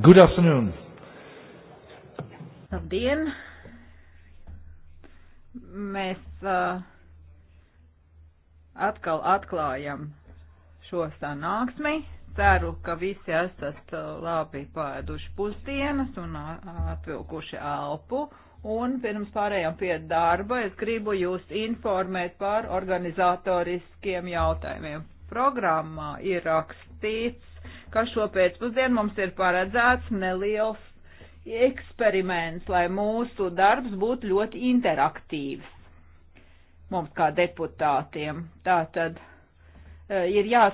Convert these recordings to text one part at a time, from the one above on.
Good afternoon. Labdien! Mēs uh, atkal atklājam šo sanāksmi. Ceru, ka visi esat uh, labi pāduši pusdienas un uh, atvilkuši elpu. Un pirms pārējām pie darba, es gribu jūs informēt par organizatoriskiem jautājumiem. Programmā ir rakstīts, ka šo pēcpusdienu mums ir paredzēts neliels eksperiments, lai mūsu darbs būtu ļoti interaktīvs mums kā deputātiem. Tā tad e, ir jā,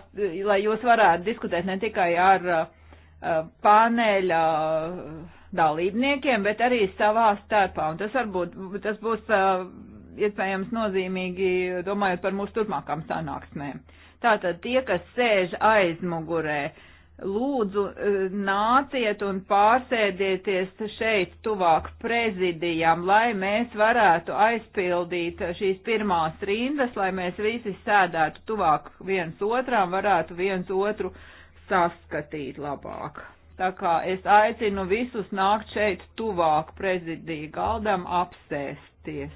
lai jūs varētu diskutēt ne tikai ar e, e, paneļa dalībniekiem, bet arī savā starpā. Un tas varbūt, tas būs iespējams nozīmīgi, domājot par mūsu turpmākām sanāksmēm. Tātad tie, kas sēž aiz mugurē, uh, lūdzu e, nāciet un pārsēdieties šeit tuvāk prezidijam, lai mēs varētu aizpildīt šīs pirmās rindas, lai mēs visi sēdētu tuvāk viens otram, varētu viens otru saskatīt labāk. Tā kā es aicinu visus nākt šeit tuvāk prezidija galdam apsēsties.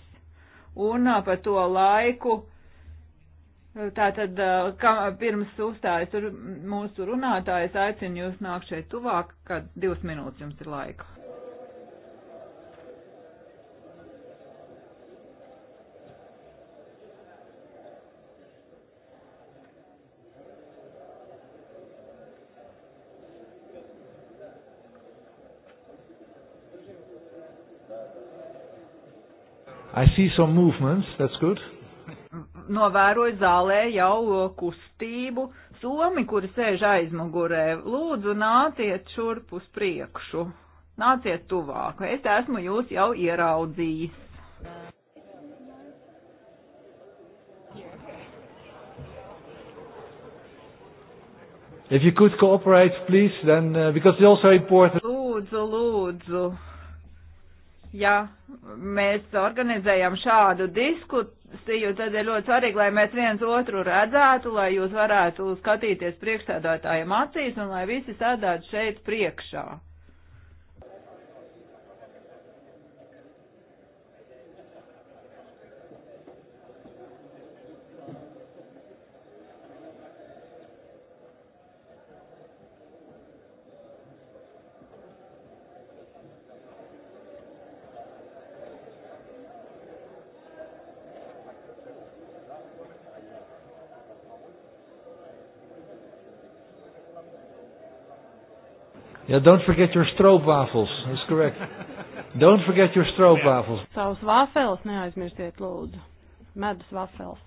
Un pa to laiku Tātad, uh, kā pirms uzstājas mūsu runātājs, aicinu jūs nākt šeit tuvāk, kad divas minūtes jums ir laika. I see some movements, that's good novēroju zālē jau kustību. Somi, kuri sēž aizmugurē, lūdzu nāciet šurp uz priekšu. Nāciet tuvāk. Es esmu jūs jau ieraudzījis. If you could cooperate, please, then, uh, because it's also important. Lūdzu, lūdzu. Ja mēs organizējam šādu diskutu, Stīju, tad ir ļoti svarīgi, lai mēs viens otru redzētu, lai jūs varētu skatīties priekšsēdātājiem acīs un lai visi sēdētu šeit priekšā. Yeah, don't forget your stroopwafels. That's correct. Don't forget your stroopwafels. Savus vafels neaizmirstiet, lūdzu. Medus vafels.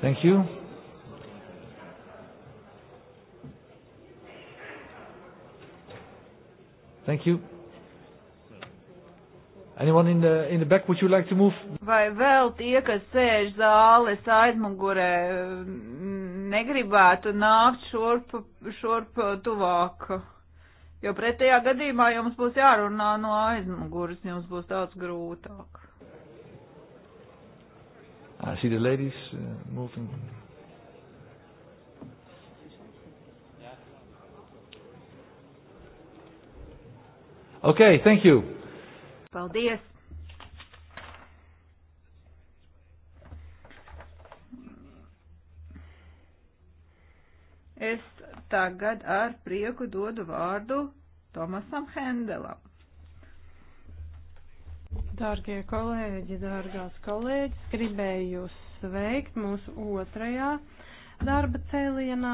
Thank you. Thank you. Anyone in the, in the back, would you like to move? Vai vēl tie, kas sēž zāles aizmugurē, negribētu nākt šurp, šurp tuvāk? Jo pretējā gadījumā jums būs jārunā no aizmuguras, jums būs daudz grūtāk. I see the ladies uh, moving. Ok, thank you. Paldies. Es tagad ar prieku dodu vārdu Tomasam Hendelam. Dārgie kolēģi, dārgās kolēģis, gribēju jūs sveikt mūsu otrajā darba cēlienā,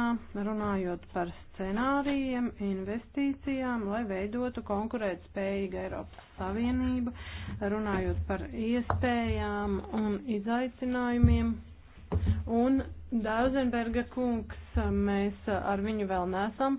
runājot par scenārijiem, investīcijām, lai veidotu konkurēt spējīgu Eiropas Savienību, runājot par iespējām un izaicinājumiem. Un Dauzenberga kungs, mēs ar viņu vēl nesam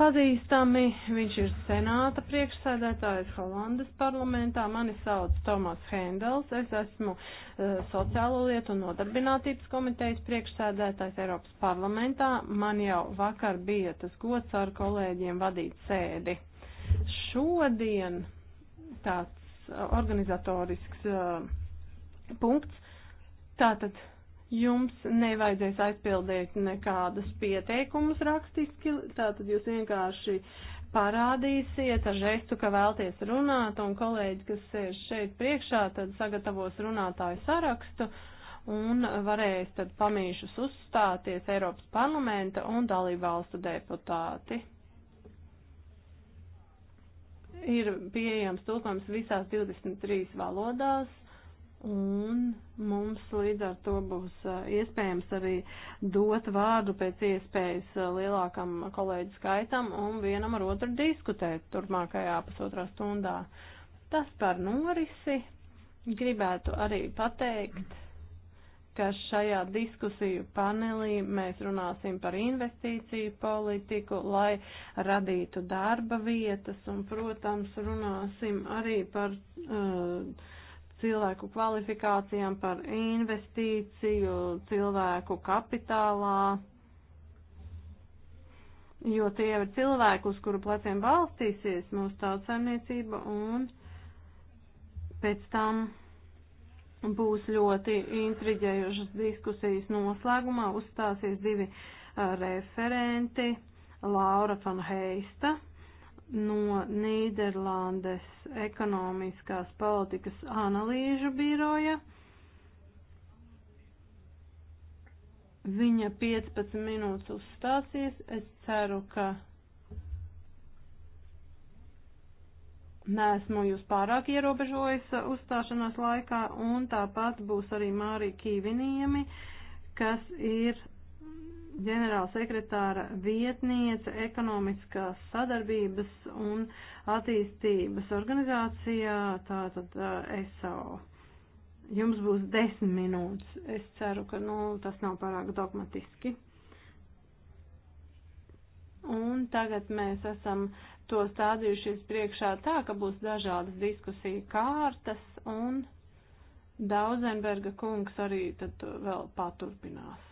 pazīstami. Viņš ir senāta priekšsēdētājs Holandas parlamentā. Mani sauc Tomas Hendels. Es esmu uh, sociālo lietu un nodarbinātības komitejas priekšsēdētājs Eiropas parlamentā. Man jau vakar bija tas gods ar kolēģiem vadīt sēdi. Šodien tāds organizatorisks uh, punkts. Tātad Jums nevajadzēs aizpildīt nekādus pieteikumus rakstiski, tātad jūs vienkārši parādīsiet ar žestu, ka vēlties runāt, un kolēģi, kas sēž šeit priekšā, tad sagatavos runātāju sarakstu un varēs tad pamīšus uzstāties Eiropas parlamenta un dalību valstu deputāti ir pieejams tulkojums visās 23 valodās. Un mums līdz ar to būs iespējams arī dot vārdu pēc iespējas lielākam kolēģu skaitam un vienam ar otru diskutēt turpmākajā pusotrā stundā. Tas par norisi gribētu arī pateikt, ka šajā diskusiju panelī mēs runāsim par investīciju politiku, lai radītu darba vietas un, protams, runāsim arī par. Uh, cilvēku kvalifikācijām, par investīciju cilvēku kapitālā, jo tie ir cilvēki, uz kuru pleciem balstīsies mūsu tautsaimniecība un pēc tam būs ļoti intriģējušas diskusijas noslēgumā, uzstāsies divi uh, referenti, Laura van Heista no Nīderlandes ekonomiskās politikas analīžu biroja. Viņa 15 minūtes uzstāsies. Es ceru, ka neesmu jūs pārāk ierobežojis uzstāšanās laikā, un tāpat būs arī Mārija Kīviniemi, kas ir ģenerāla sekretāra vietniece ekonomiskās sadarbības un attīstības organizācijā, tātad eh, SAO. Jums būs desmit minūtes. Es ceru, ka nu, tas nav pārāk dogmatiski. Un tagad mēs esam to stādījušies priekšā tā, ka būs dažādas diskusija kārtas un Dauzenberga kungs arī tad vēl paturpinās.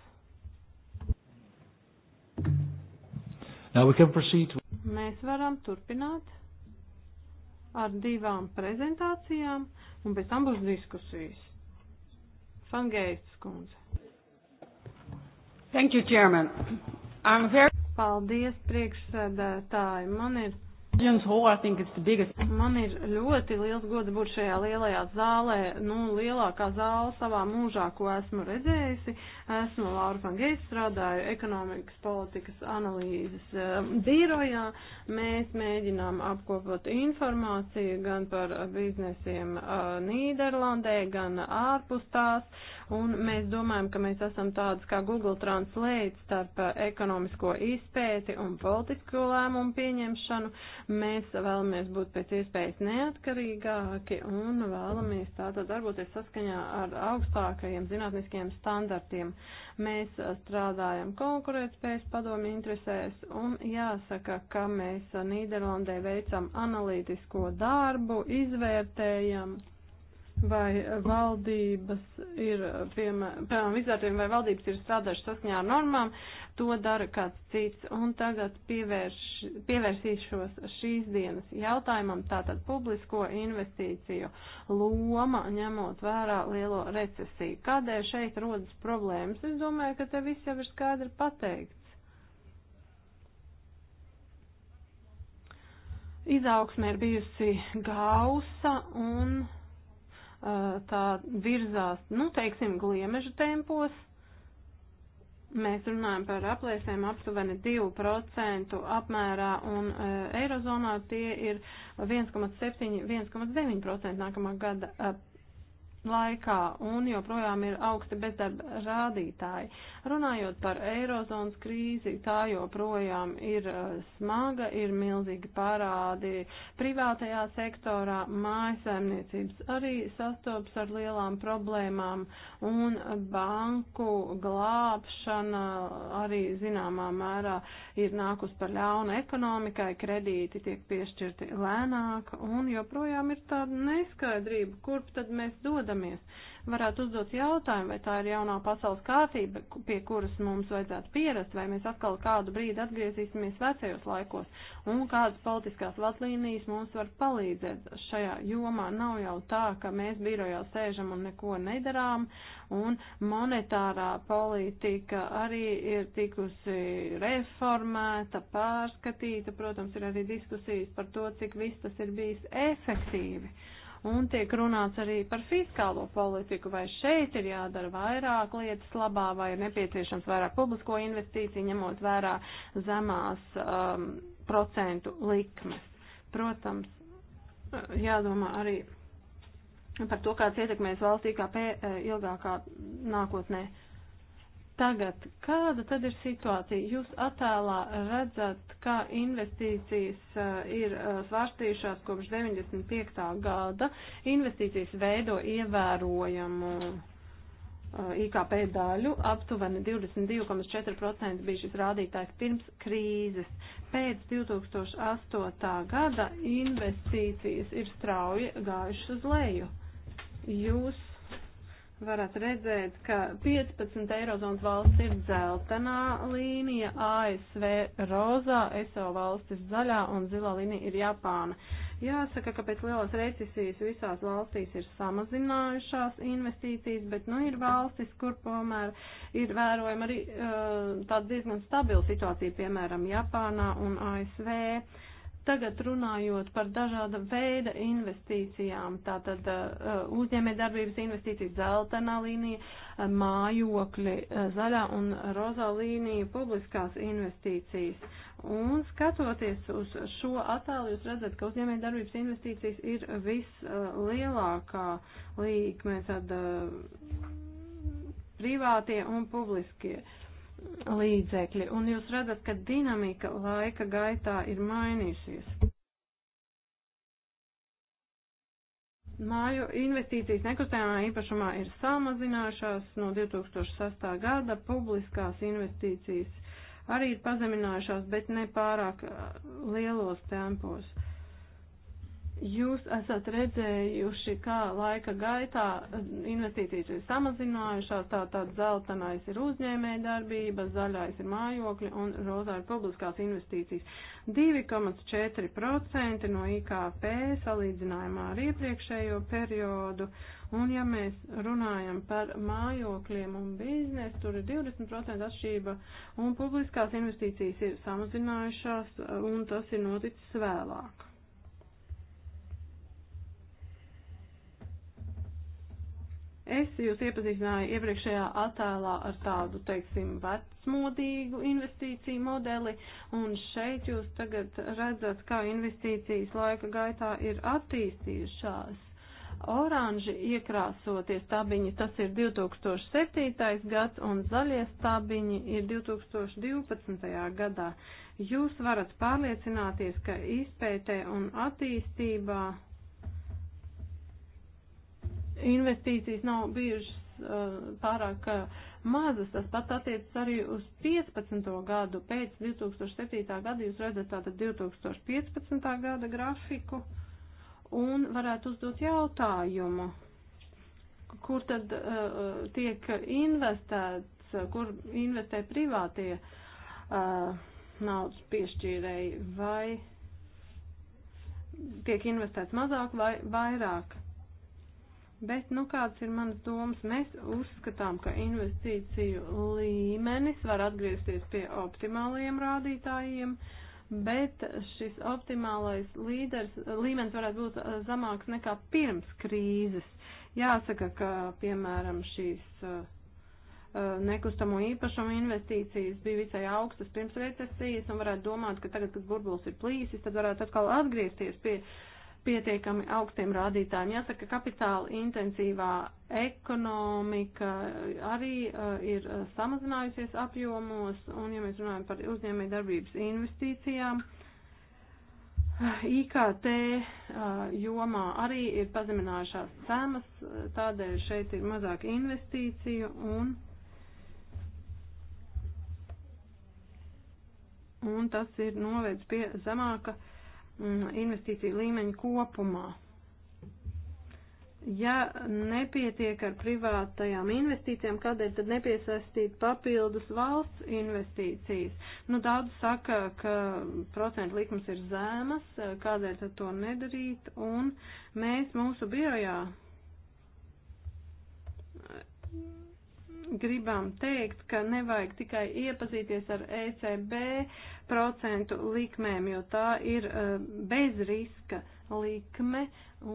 Now we can proceed. Mēs varam turpināt ar divām prezentācijām, un pēc tam būs diskusijas. Fangeits kundze. Thank you, Chairman. I'm very... Paldies, priekšsēdētāji. Man ir Jums Hall, I think it's the biggest. Man ir ļoti liels gods būt šajā lielajā zālē, nu, lielākā zāle savā mūžā, ko esmu redzējusi. Esmu Laura Fangeis, strādāju ekonomikas politikas analīzes um, birojā. Mēs mēģinām apkopot informāciju gan par biznesiem uh, Nīderlandē, gan ārpus tās. Un mēs domājam, ka mēs esam tāds kā Google Translate starp uh, ekonomisko izpēti un politisko lēmumu pieņemšanu Mēs vēlamies būt pēc iespējas neatkarīgāki un vēlamies tātad darboties saskaņā ar augstākajiem zinātniskajiem standartiem. Mēs strādājam konkurētspējas padomi interesēs un jāsaka, ka mēs Nīderlandē veicam analītisko darbu, izvērtējam vai valdības ir, piemēram, izvērtējumi, vai valdības ir strādājuši saskaņā ar normām, to dara kāds cits. Un tagad pievērš, pievērsīšos šīs dienas jautājumam, tātad publisko investīciju loma, ņemot vērā lielo recesiju. Kādēļ šeit rodas problēmas? Es domāju, ka te viss jau ir skaidri pateikts. Izaugsme ir bijusi gausa un tā virzās, nu, teiksim, gliemežu tempos. Mēs runājam par aplēsēm aptuveni 2% apmērā, un e, Eirozonā tie ir 1,7-1,9% nākamā gada e, laikā un joprojām ir augsti bezdarba rādītāji. Runājot par eirozonas krīzi, tā joprojām ir eh, smaga, ir milzīgi pārādi privātajā sektorā, mājasēmniecības arī sastops ar lielām problēmām un banku glābšana arī zināmā mērā ir nākus par ļaunu ekonomikai, kredīti tiek piešķirti lēnāk un joprojām ir tāda neskaidrība, kurp tad mēs dodam atrodamies, varētu uzdot jautājumu, vai tā ir jaunā pasaules kārtība, pie kuras mums vajadzētu pierast, vai mēs atkal kādu brīdi atgriezīsimies vecajos laikos, un kādas politiskās vadlīnijas mums var palīdzēt šajā jomā. Nav jau tā, ka mēs birojā sēžam un neko nedarām, un monetārā politika arī ir tikusi reformēta, pārskatīta, protams, ir arī diskusijas par to, cik viss tas ir bijis efektīvi. Un tiek runāts arī par fiskālo politiku, vai šeit ir jādara vairāk lietas labā, vai ir nepieciešams vairāk publisko investīciju, ņemot vērā zemās um, procentu likmes. Protams, uh, jādomā arī par to, kāds ietekmēs valsts IKP uh, ilgākā nākotnē. Tagad, kāda tad ir situācija? Jūs attēlā redzat, kā investīcijas uh, ir uh, svārstījušās kopš 95. gada. Investīcijas veido ievērojamu uh, IKP daļu, aptuveni 22,4% bija šis rādītājs pirms krīzes. Pēc 2008. gada investīcijas ir strauji gājušas uz leju. Jūs varat redzēt, ka 15 eirozonas valsts ir dzeltenā līnija, ASV rozā, SO valstis zaļā un zilā līnija ir Japāna. Jāsaka, ka pēc lielās recesijas visās valstīs ir samazinājušās investīcijas, bet nu ir valstis, kur tomēr ir vērojama arī uh, tāda diezgan stabila situācija, piemēram, Japānā un ASV. Uh, Tagad runājot par dažāda veida investīcijām, tātad uh, uzņēmē darbības investīcijas zeltenā līnija, uh, mājokļi, uh, zaļā un rozā līnija, publiskās investīcijas. Un skatoties uz šo attēlu, jūs redzat, ka uzņēmē darbības investīcijas ir vislielākā līkme, tad privātie un publiskie. Uh, līdzekļi, un jūs redzat, ka dinamika laika gaitā ir mainījusies. Māju investīcijas nekustamā īpašumā ir samazinājušās no 2006. gada, publiskās investīcijas arī ir pazeminājušās, bet ne pārāk uh, lielos tempos. Uh, Jūs esat redzējuši, kā laika gaitā investīcijas ir samazinājušās, tā tāds zeltenais ir uzņēmē darbība, zaļais ir mājokļi un rozā ir publiskās investīcijas. 2,4% no IKP salīdzinājumā ar iepriekšējo periodu. Un ja mēs runājam par mājokļiem un biznesu, tur ir 20% atšķība un publiskās investīcijas ir samazinājušās un tas ir noticis vēlāk. Es jūs iepazīstināju iepriekšējā attēlā ar tādu, teiksim, vecmodīgu investīciju modeli, un šeit jūs tagad redzat, kā investīcijas laika gaitā ir attīstījušās. Oranži iekrāsotie stabiņi, tas ir 2007. gads, un zaļie stabiņi ir 2012. gadā. Jūs varat pārliecināties, ka izpētē un attīstībā investīcijas nav bijušas uh, pārāk uh, mazas. Tas pat attiecas arī uz 15. gadu. Pēc 2007. gada jūs redzat tātad 2015. gada grafiku un varētu uzdot jautājumu, kur tad uh, uh tiek investēts, uh, kur investē privātie uh, naudas piešķīrēji vai tiek investēts mazāk vai vairāk. Bet, nu, kādas ir manas domas? Mēs uzskatām, ka investīciju līmenis var atgriezties pie optimālajiem rādītājiem, bet šis optimālais līders, līmenis varētu būt eh, zamāks nekā pirms krīzes. Jāsaka, ka, piemēram, šīs eh, eh, nekustamo īpašumu investīcijas bija visai augstas pirms recesijas un varētu domāt, ka tagad, kad burbulis ir plīsis, tad varētu atkal atgriezties pie uh, pietiekami augstiem rādītājiem. Jāsaka, kapitāla intensīvā ekonomika arī uh, ir eh, samazinājusies apjomos, un ja mēs runājam par uzņēmēju darbības investīcijām, eh, IKT jomā arī ir pazeminājušās cenas, tādēļ šeit ir mazāk investīciju un, un tas ir novēdz pie zemāka investīciju līmeņu kopumā. Ja nepietiek ar privātajām investīcijām, kādēļ tad nepiesaistīt papildus valsts investīcijas? Nu, daudz saka, ka procentu likums ir zēmas, kādēļ tad to nedarīt, un mēs mūsu birojā gribam teikt, ka nevajag tikai iepazīties ar ECB procentu likmēm, jo tā ir e, bez riska likme,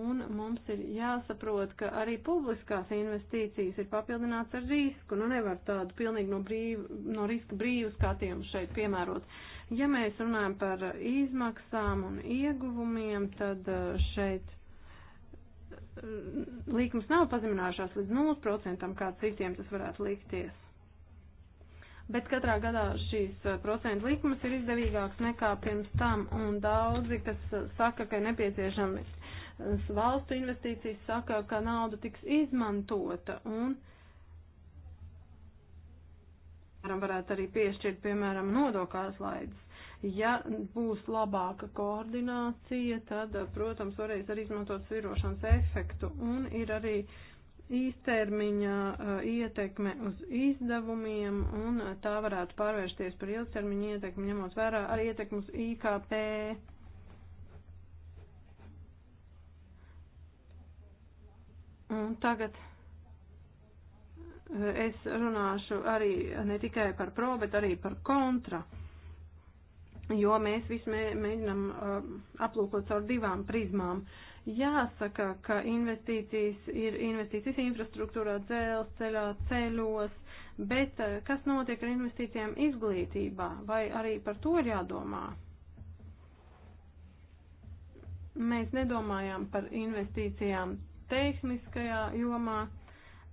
un mums ir jāsaprot, ka arī publiskās investīcijas ir papildināts ar risku. Nu, nevar tādu pilnīgi no, brīvu, no riska brīvu skatījumu šeit piemērot. Ja mēs runājam par izmaksām un ieguvumiem, tad e, šeit Mm, līkums nav pazeminājušās līdz 0%, kā citiem tas varētu likties. Bet katrā gadā šīs eh, procentu likums ir izdevīgāks nekā pirms tam, un daudzi, kas eh, saka, ka ir nepieciešami eh, valstu investīcijas, saka, ka nauda tiks izmantota, un varētu arī piešķirt, piemēram, nodokāslaides. Ja būs labāka koordinācija, tad, protams, varēs arī izmantot svirošanas efektu un ir arī īstermiņa ietekme uz izdevumiem un tā varētu pārvērsties par ilgtermiņa ietekmi, ņemot vērā arī ietekmi uz IKP. Un tagad es runāšu arī ne tikai par pro, bet arī par kontra jo mēs visu mē, mēģinam uh, aplūkot caur divām prizmām. Jāsaka, ka investīcijas ir investīcijas infrastruktūrā, dzelzceļā, ceļos, bet uh, kas notiek ar investīcijām izglītībā, vai arī par to ir jādomā? Mēs nedomājām par investīcijām tehniskajā jomā,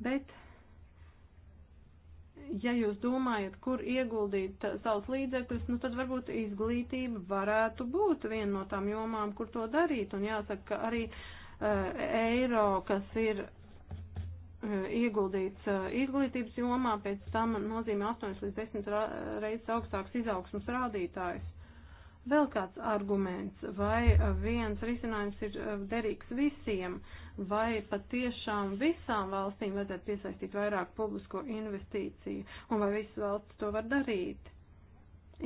bet ja jūs domājat, kur ieguldīt savus līdzekļus, nu tad varbūt izglītība varētu būt viena no tām jomām, kur to darīt. Un jāsaka, ka arī uh, eiro, kas ir uh, ieguldīts uh, izglītības jomā, pēc tam nozīmē 8 līdz 10 reizes augstāks izaugsmas rādītājs. Vēl kāds arguments, vai eh, viens risinājums ir eh, derīgs visiem, vai patiešām visām valstīm vajadzētu piesaistīt vairāk publisko investīciju, un vai visas valsts to var darīt?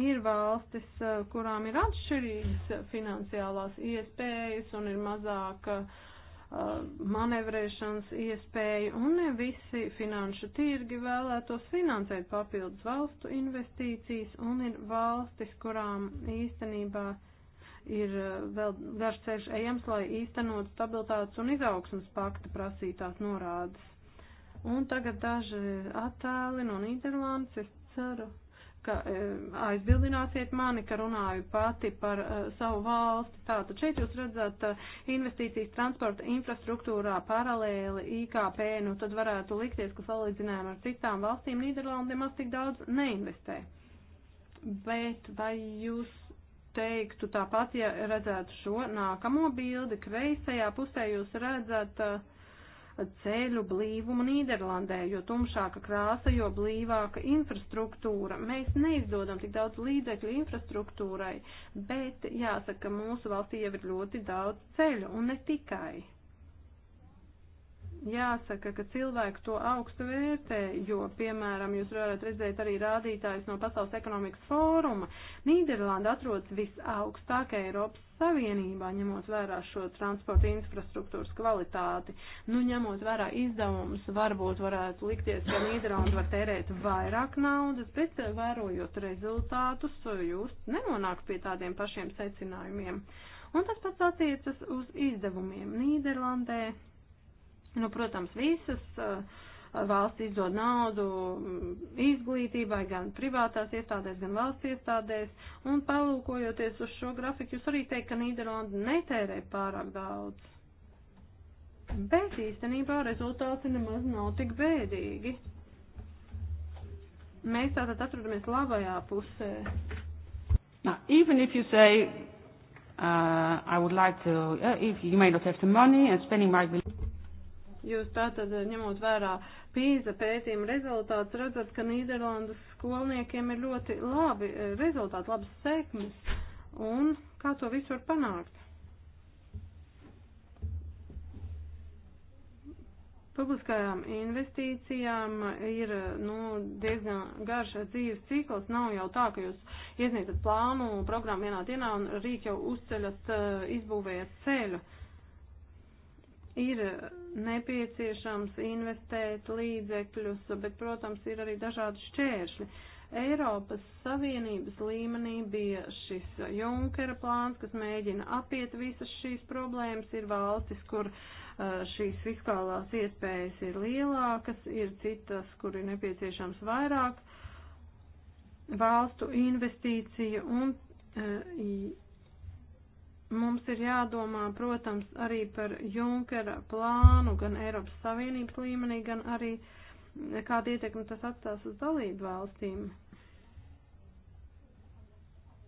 ir valstis, eh, kurām ir atšķirīgas finansiālās iespējas un ir mazāk Uh, manevrēšanas iespēju, un ne visi finanšu tirgi vēlētos finansēt papildus valstu investīcijas, un ir valstis, kurām īstenībā ir uh, vēl dažs ceļš ejams, lai īstenot stabilitātes un izaugsmas pakta prasītās norādes. Un tagad daži attēli no Nīderlandes, es ceru, ka e, aizbildināsiet mani, ka runāju pati par uh, savu valsti. Tātad šeit jūs redzat uh, investīcijas transporta infrastruktūrā paralēli IKP, nu tad varētu likties, ka salīdzinājumā ar citām valstīm Nīderlanda nemaz tik daudz neinvestē. Bet vai jūs teiktu tāpat, ja redzētu šo nākamo bildi, kreisajā pusē jūs redzat uh, ceļu blīvumu Nīderlandē, jo tumšāka krāsa, jo blīvāka infrastruktūra. Mēs neizdodam tik daudz līdzekļu infrastruktūrai, bet jāsaka, ka mūsu valstī jau ir ļoti daudz ceļu un ne tikai jāsaka, ka cilvēki to augstu vērtē, jo, piemēram, jūs varat redzēt arī rādītājus no Pasaules ekonomikas fóruma. Nīderlanda atrodas visaugstākajā Eiropas Savienībā, ņemot vērā šo transporta infrastruktūras kvalitāti. Nu, ņemot vērā izdevumus, varbūt varētu likties, ka Nīderlanda var tērēt vairāk naudas, bet eh, vērojot rezultātus, jūs nenonākat pie tādiem pašiem secinājumiem. Un tas pats attiecas uz izdevumiem Nīderlandē, Nu, protams, visas eh, valsts izdod naudu mm, izglītībai, gan privātās iestādēs, gan valsts iestādēs, un palūkojoties uz šo grafiku, jūs arī teikt, ka Nīderlanda netērē pārāk daudz. Bet īstenībā rezultāti nemaz nav tik bēdīgi. Mēs tātad atrodamies labajā pusē. Now, even if you say, uh, I would like to, uh, if you may not have the money and spending might be Jūs tātad eh, ņemot vērā pīza pētījuma rezultātus, redzat, ka Nīderlandes skolniekiem ir ļoti labi eh, rezultāti, labas sekmes. Un kā to visu var panākt? Publiskajām investīcijām eh, ir nu, diezgan garš dzīves cikls. Nav jau tā, ka jūs iesniedzat plānu, programmu vienā dienā un rīt jau uzceļat, izbūvējat ceļu. Uh, ir eh, nepieciešams investēt līdzekļus, bet, protams, ir arī dažādi šķēršļi. Eiropas Savienības līmenī bija šis Junkera plāns, kas mēģina apiet visas šīs problēmas. Ir valstis, kur eh, šīs fiskālās iespējas ir lielākas, ir citas, kur ir nepieciešams vairāk valstu investīciju un eh, Mums ir jādomā, protams, arī par Junkera plānu gan Eiropas Savienības līmenī, gan arī kādu ietekmi tas atstās uz dalību valstīm.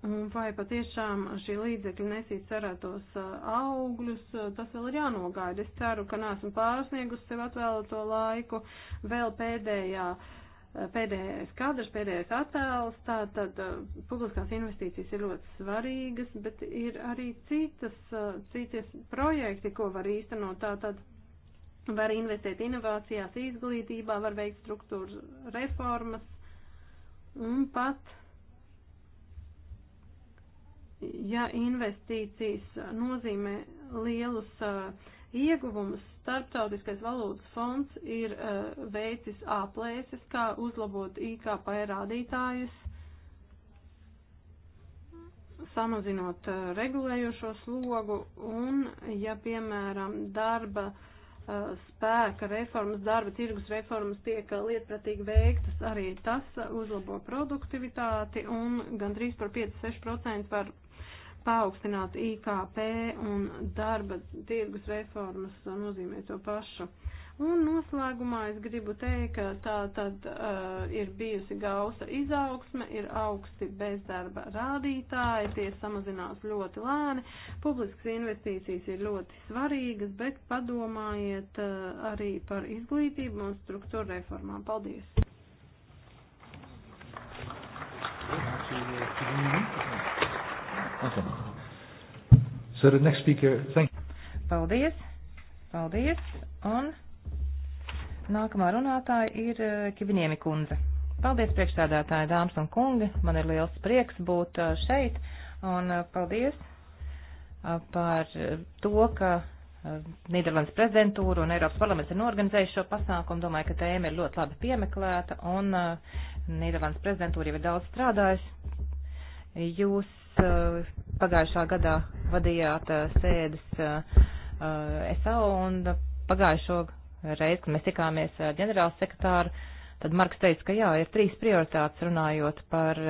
Un vai patiešām šī līdzekļa nesīs cerētos uh, augļus, uh, tas vēl ir jānogaida. Es ceru, ka nesmu pārsniegusi sev atvēlēto laiku vēl pēdējā uh, pēdējais kadrs, pēdējais attēls, tātad eh, publiskās investīcijas ir ļoti svarīgas, bet ir arī citas, eh, citas projekti, ko var īstenot, tātad var investēt inovācijās, izglītībā, var veikt struktūru reformas un pat, ja investīcijas nozīmē lielus eh, ieguvumus, Starptautiskais valūtas fonds ir uh, veicis aplēses, kā uzlabot IKP rādītājus, samazinot uh, regulējošo slogu un, ja piemēram, darba uh, spēka reformas, darba tirgus reformas tiek lietpratīgi veiktas, arī tas uzlabo produktivitāti un gandrīz par 5-6% var paaugstināt IKP un darba tirgus reformas nozīmē to pašu. Un noslēgumā es gribu teikt, ka tā tad uh, ir bijusi gausa izaugsme, ir augsti bezdarba rādītāji, tie samazinās ļoti lēni, publiskas investīcijas ir ļoti svarīgas, bet padomājiet uh, arī par izglītību un struktūra reformām. Paldies! Thank you. Okay. So the next speaker, thank you. Paldies, paldies, un nākamā runātāja ir eh, Kiviniemi kundze. Paldies priekšstādātāji, dāmas un kungi, man ir liels prieks būt eh, šeit, un eh, paldies par to, ka Nīderlandes prezidentūra un Eiropas parlaments ir norganizējuši šo pasākumu. Domāju, ka tēma ir ļoti labi piemeklēta un Nīderlandes prezidentūra jau ir daudz strādājusi. Jūs Eh, pagājušā gadā vadījāt eh, sēdes eh, SAO un pagājušo reizi, kad mēs tikāmies ar ģenerālu sekretāru, tad Marks teica, ka jā, ir trīs prioritātes runājot par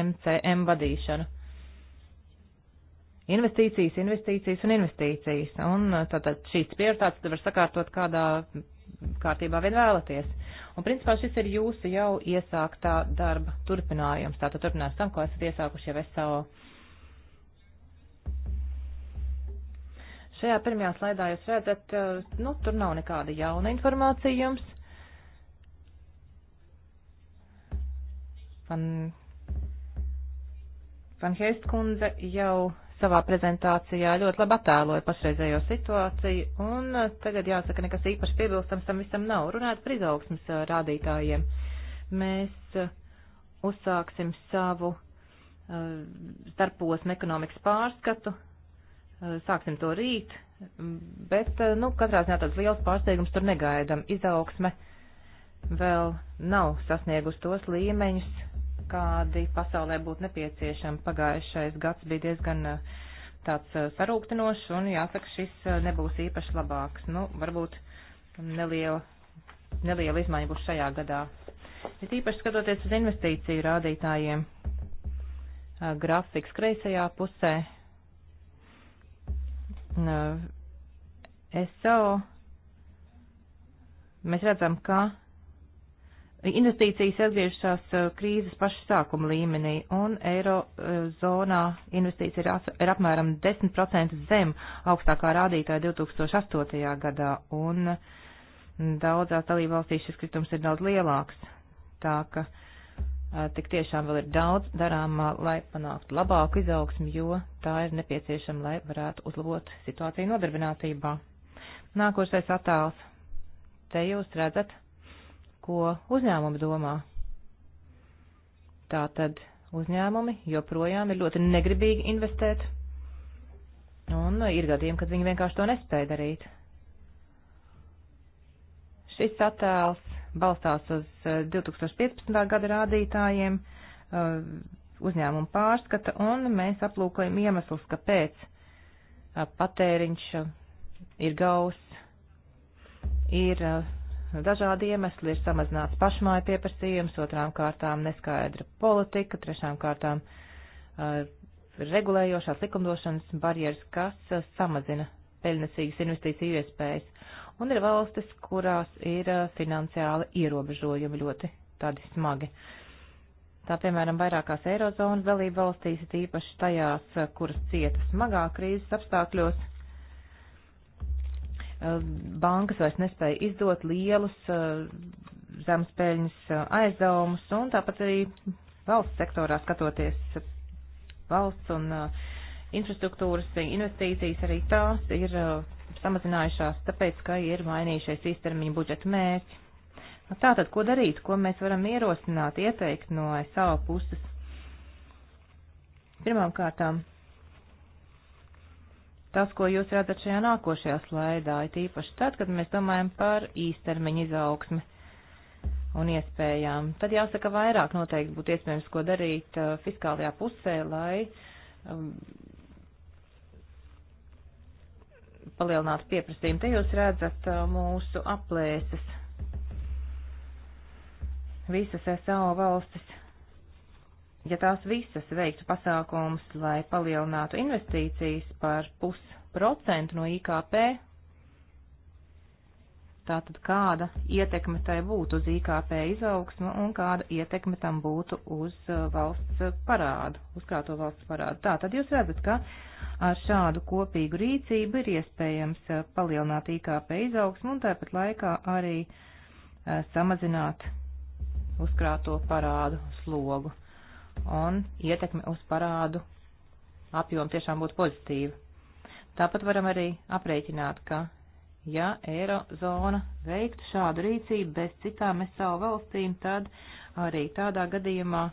MCM vadīšanu. Investīcijas, investīcijas un investīcijas. Un tātad šīs prioritātes var sakārtot kādā kārtībā vien vēlaties. Un, principā, šis ir jūsu jau iesāktā darba turpinājums. Tātad turpinās tam, ko esat iesākuši jau SAO. Šajā pirmajā slaidā jūs redzat, uh, nu, tur nav nekāda jauna informācija jums. Van, Van Heist kundze jau savā prezentācijā ļoti labi attēloja pašreizējo situāciju, un uh, tagad jāsaka, nekas īpaši piebilstams tam visam nav. Runājot par izaugsmas uh, rādītājiem, mēs uh, uzsāksim savu starposmu ekonomikas pārskatu, sāksim to rīt, bet, nu, katrā ziņā tāds liels pārsteigums tur negaidam. Izaugsme vēl nav sasniegusi tos līmeņus, kādi pasaulē būtu nepieciešami. Pagājušais gads bija diezgan eh, tāds eh, sarūktinošs, un jāsaka, šis eh, nebūs īpaši labāks. Nu, varbūt neliela, neliela izmaiņa būs šajā gadā. Ir īpaši skatoties uz investīciju rādītājiem. Grafiks kreisajā pusē. SO. Mēs redzam, ka Investīcijas atgriežas uh, krīzes paša sākuma līmenī, un eirozonā uh, investīcija ir, ir apmēram 10% zem augstākā rādītāja 2008. gadā, un daudzās dalībvalstīs šis kritums ir daudz lielāks. Tā ka uh, tik tiešām vēl ir daudz darāmā, lai panāktu labāku izaugsmu, jo tā ir nepieciešama, lai varētu uzlabot situāciju nodarbinātībā. Nākošais attēls. Te jūs redzat ko uzņēmumi domā. Tātad uzņēmumi joprojām ir ļoti negribīgi investēt, un ir gadījumi, kad viņi vienkārši to nespēja darīt. Šis attēls balstās uz 2015. Eh, gada rādītājiem eh, uzņēmumu pārskata, un mēs aplūkojam iemeslus, kāpēc eh, patēriņš ir gauss, ir dažādi iemesli ir samazināts pašmāja pieprasījums, otrām kārtām neskaidra politika, trešām kārtām uh, regulējošās likumdošanas barjeras, kas uh, samazina peļnesīgas investīciju iespējas. Un ir valstis, kurās ir uh, finansiāli ierobežojumi ļoti tādi smagi. Tā piemēram, vairākās Eirozonas dalība valstīs, tīpaši tajās, uh, kuras cieta smagā krīzes apstākļos, Eh, bankas vairs nespēja izdot lielus eh, zemspēļņas eh, aizdevumus, un tāpat arī valsts sektorā skatoties valsts un infrastruktūras investīcijas arī tās ir samazinājušās, tāpēc, ka ir mainījušies īstermiņa budžeta mērķi. Nu, tātad, ko darīt, ko mēs varam ierosināt, ieteikt no savu puses? Pirmām kārtām tas, ko jūs redzat šajā nākošajā slaidā, ir īpaši tad, kad mēs domājam par īstermiņa izaugsmi un iespējām. Tad jāsaka, vairāk noteikti būtu iespējams, ko darīt uh, fiskālajā pusē, lai um, palielinātu pieprasījumu. Te jūs redzat uh, mūsu aplēses visas SAO valstis ja tās visas veiktu pasākums, lai palielinātu investīcijas par pusprocentu no IKP, tātad kāda ietekme tai būtu uz IKP izaugsmu un kāda ietekme tam būtu uz uh, valsts parādu, uz kā to valsts parādu. Tātad jūs redzat, ka ar šādu kopīgu rīcību ir iespējams uh, palielināt IKP izaugsmu un tāpat laikā arī uh, samazināt uzkrāto parādu slogu un ietekme uz parādu apjomu tiešām būtu pozitīva. Tāpat varam arī aprēķināt, ka ja Eirozona veiktu šādu rīcību bez citām SAU valstīm, tad arī tādā gadījumā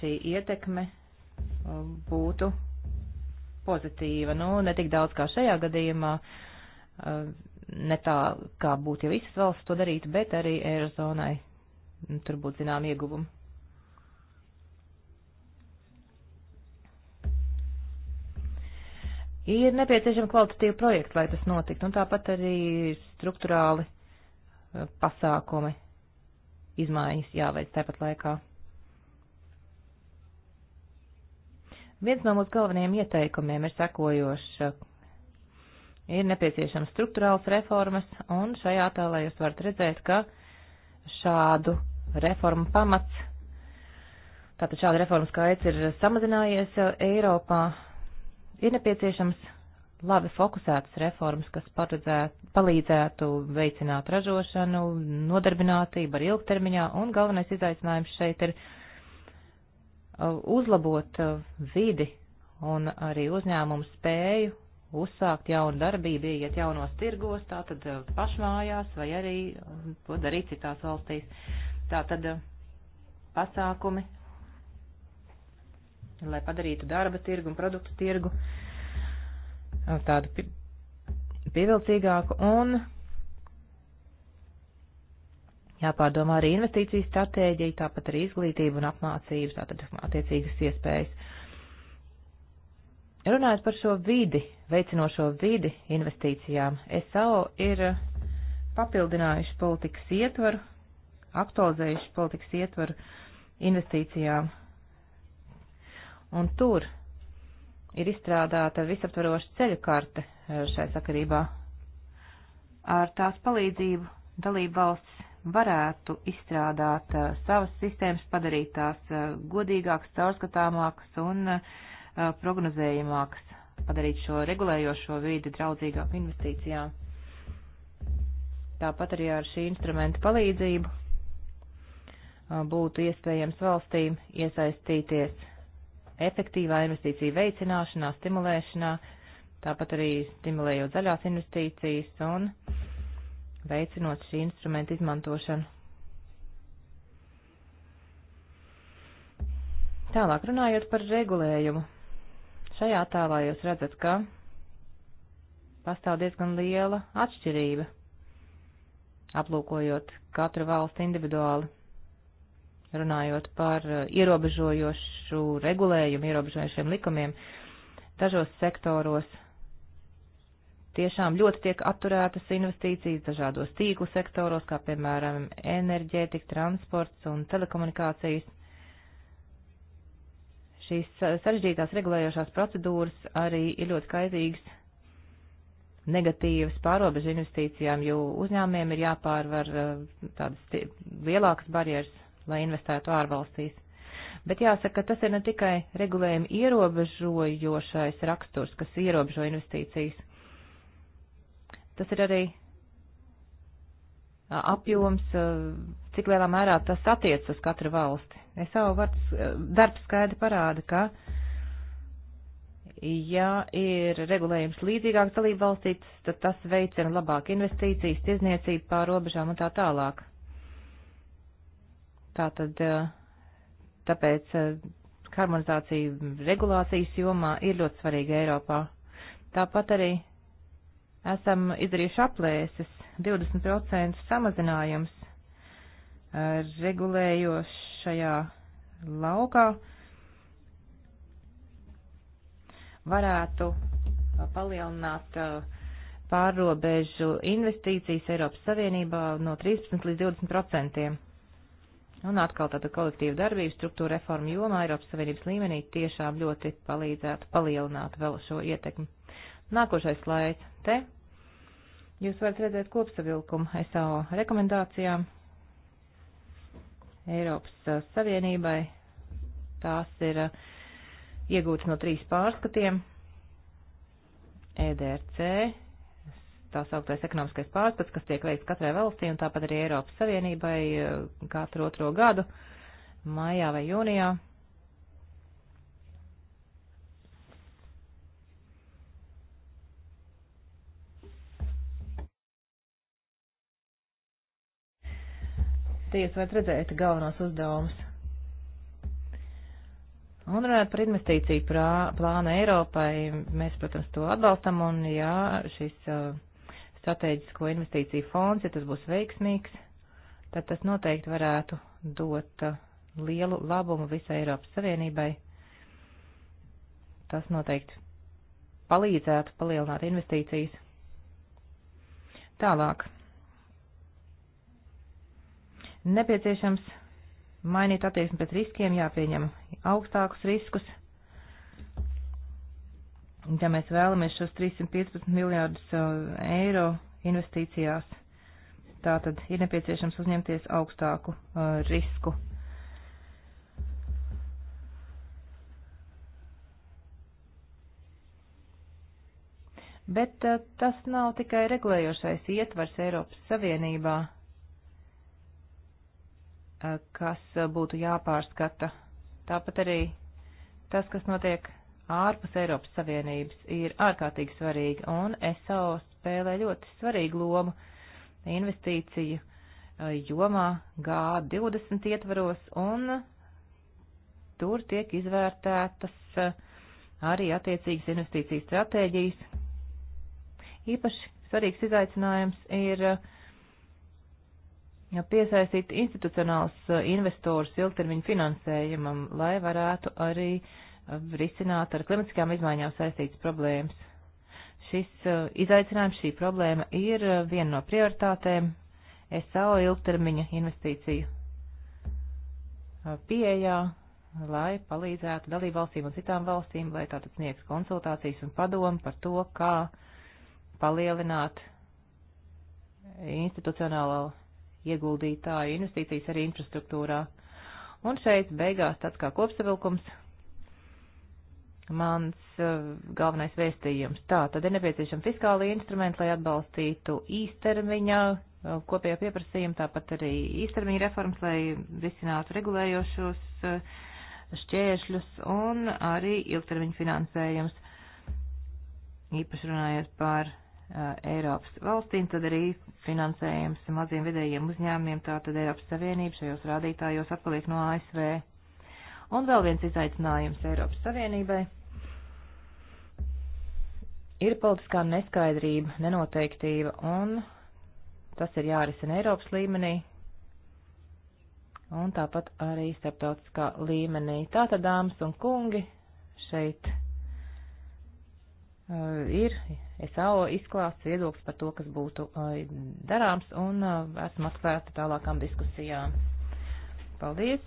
šī ietekme um, būtu pozitīva. Nu, ne tik daudz kā šajā gadījumā, um, ne tā kā būtu, ja visas valsts to darītu, bet arī Eirozonai tur būtu zinām ieguvumi. Ir nepieciešama kvalitatīva projekta, lai tas notiktu, un tāpat arī struktūrāli eh, pasākumi, izmaiņas jāveic tāpat laikā. Viens no mūsu galvenajiem ieteikumiem ir sekojošs. Ir nepieciešams struktūrāls reformas, un šajā tālā jūs varat redzēt, ka šādu reformu pamats Tātad šāda reforma skaits ir samazinājies Eiropā, Ir nepieciešams labi fokusētas reformas, kas palīdzētu veicināt ražošanu, nodarbinātību arī ilgtermiņā, un galvenais izaicinājums šeit ir uh, uzlabot uh, vidi un arī uzņēmumu spēju uzsākt jaunu darbību, iet jaunos tirgos, tātad uh, pašmājās vai arī to darīt citās valstīs. Tātad pasākumi lai padarītu darba tirgu un produktu tirgu uh, tādu pievilcīgāku un jāpārdomā arī investīciju stratēģija, tāpat arī izglītība un apmācības, tātad attiecīgas iespējas. Runājot par šo vidi, veicinošo vidi investīcijām, SAO ir papildinājuši politikas ietvaru, aktualizējuši politikas ietvaru investīcijām un tur ir izstrādāta visaptvaroša ceļu karte eh, šai sakarībā. Ar tās palīdzību dalību valsts varētu izstrādāt eh, savas sistēmas, padarīt tās eh, godīgākas, caurskatāmākas un prognozējamākas, padarīt šo regulējošo vīdi draudzīgāku investīcijām. Tāpat arī ar šī instrumenta palīdzību būtu iespējams valstīm iesaistīties efektīvā investīcija veicināšanā, stimulēšanā, tāpat arī stimulējot zaļās investīcijas un veicinot šī instrumenta izmantošanu. Tālāk runājot par regulējumu. Šajā attēlā jūs redzat, ka pastāv diezgan liela atšķirība, aplūkojot katru valstu individuāli runājot par uh, ierobežojošu regulējumu, ierobežojošiem likumiem, dažos sektoros tiešām ļoti tiek atturētas investīcijas dažādos tīklu sektoros, kā piemēram enerģētika, transports un telekomunikācijas. Šīs sarežģītās regulējošās procedūras arī ir ļoti kaitīgas negatīvas pārobežu investīcijām, jo uzņēmējiem ir jāpārvar uh, tādas lielākas barjeras lai investētu ārvalstīs. Bet jāsaka, tas ir ne tikai regulējumi ierobežojošais raksturs, kas ierobežo investīcijas. Tas ir arī apjoms, cik lielā mērā tas attiec uz katru valsti. Es savu vārds, darbs skaidri parāda, ka, ja ir regulējums līdzīgāks dalību valstīts, tad tas veicina labāk investīcijas, tirzniecību pār robežām un tā tālāk. Tātad, eh, tāpēc eh, harmonizācija regulācijas jomā ir ļoti svarīga Eiropā. Tāpat arī esam izdarījuši aplēses 20% samazinājums eh, regulējošajā laukā varētu palielināt pārrobežu investīcijas Eiropas Savienībā no 13 līdz 20 procentiem. Un atkal tāda kolektīva darbība struktūra reforma jomā Eiropas Savienības līmenī tiešām ļoti palīdzētu palielināt vēl šo ietekmi. Nākošais slaids te. Jūs varat redzēt kopsavilkumu SAO rekomendācijām Eiropas uh, Savienībai. Tās ir uh, iegūtas no trīs pārskatiem. EDRC, tā sauktais ekonomiskais pārskats, kas tiek veikts katrai valstī un tāpat arī Eiropas Savienībai eh, katru otro gadu, maijā vai jūnijā. Tiesa, vai redzēt galvenos uzdevumus? Un runājot par investīciju prā, plānu Eiropai, mēs, protams, to atbalstam, un jā, šis uh, strateģisko investīciju fonds, ja tas būs veiksmīgs, tad tas noteikti varētu dot uh, lielu labumu visai Eiropas Savienībai. Tas noteikti palīdzētu palielināt investīcijas. Tālāk. Nepieciešams mainīt attieksmi pret riskiem, jāpieņem augstākus riskus ja mēs vēlamies šos 315 miljārdus uh, eiro investīcijās, tā tad ir nepieciešams uzņemties augstāku uh, risku. Bet uh, tas nav tikai regulējošais ietvars Eiropas Savienībā, uh, kas uh, būtu jāpārskata. Tāpat arī tas, kas notiek ārpus Eiropas Savienības ir ārkārtīgi svarīga, un SAO spēlē ļoti svarīgu lomu investīciju uh, jomā G20 ietvaros, un tur tiek izvērtētas uh, arī attiecīgas investīciju stratēģijas. Īpaši svarīgs izaicinājums ir uh, piesaistīt institucionāls investors ilgtermiņu finansējumam, lai varētu arī uh, risināt ar klimatiskām izmaiņām saistītas problēmas. Šis uh, izaicinājums, šī problēma ir uh, viena no prioritātēm SAO ilgtermiņa investīciju uh, pieejā, lai palīdzētu dalībvalstīm un citām valstīm, lai tātad sniegs konsultācijas un padomu par to, kā palielināt institucionālo ieguldītāju investīcijas arī infrastruktūrā. Un šeit beigās tāds kā kopsavilkums mans eh, galvenais vēstījums. Tā, tad ir nepieciešama fiskāla instrumenta, lai atbalstītu īstermiņa eh, kopējo pieprasījumu, tāpat arī īstermiņa reformas, lai risinātu regulējošos eh, šķēršļus un arī ilgtermiņa finansējums. Īpaši runājot par Eiropas valstīm, tad arī finansējums maziem vidējiem uzņēmumiem, tātad Eiropas Savienība šajos rādītājos atpaliek no ASV. Un vēl viens izaicinājums Eiropas Savienībai Ir politiskā neskaidrība, nenoteiktība, un tas ir jārisina Eiropas līmenī, un tāpat arī starptautiskā līmenī. Tātad, dāmas un kungi, šeit uh, ir SAO izklāsts viedoklis par to, kas būtu uh, darāms, un uh, esmu atvērta tālākām diskusijām. Paldies!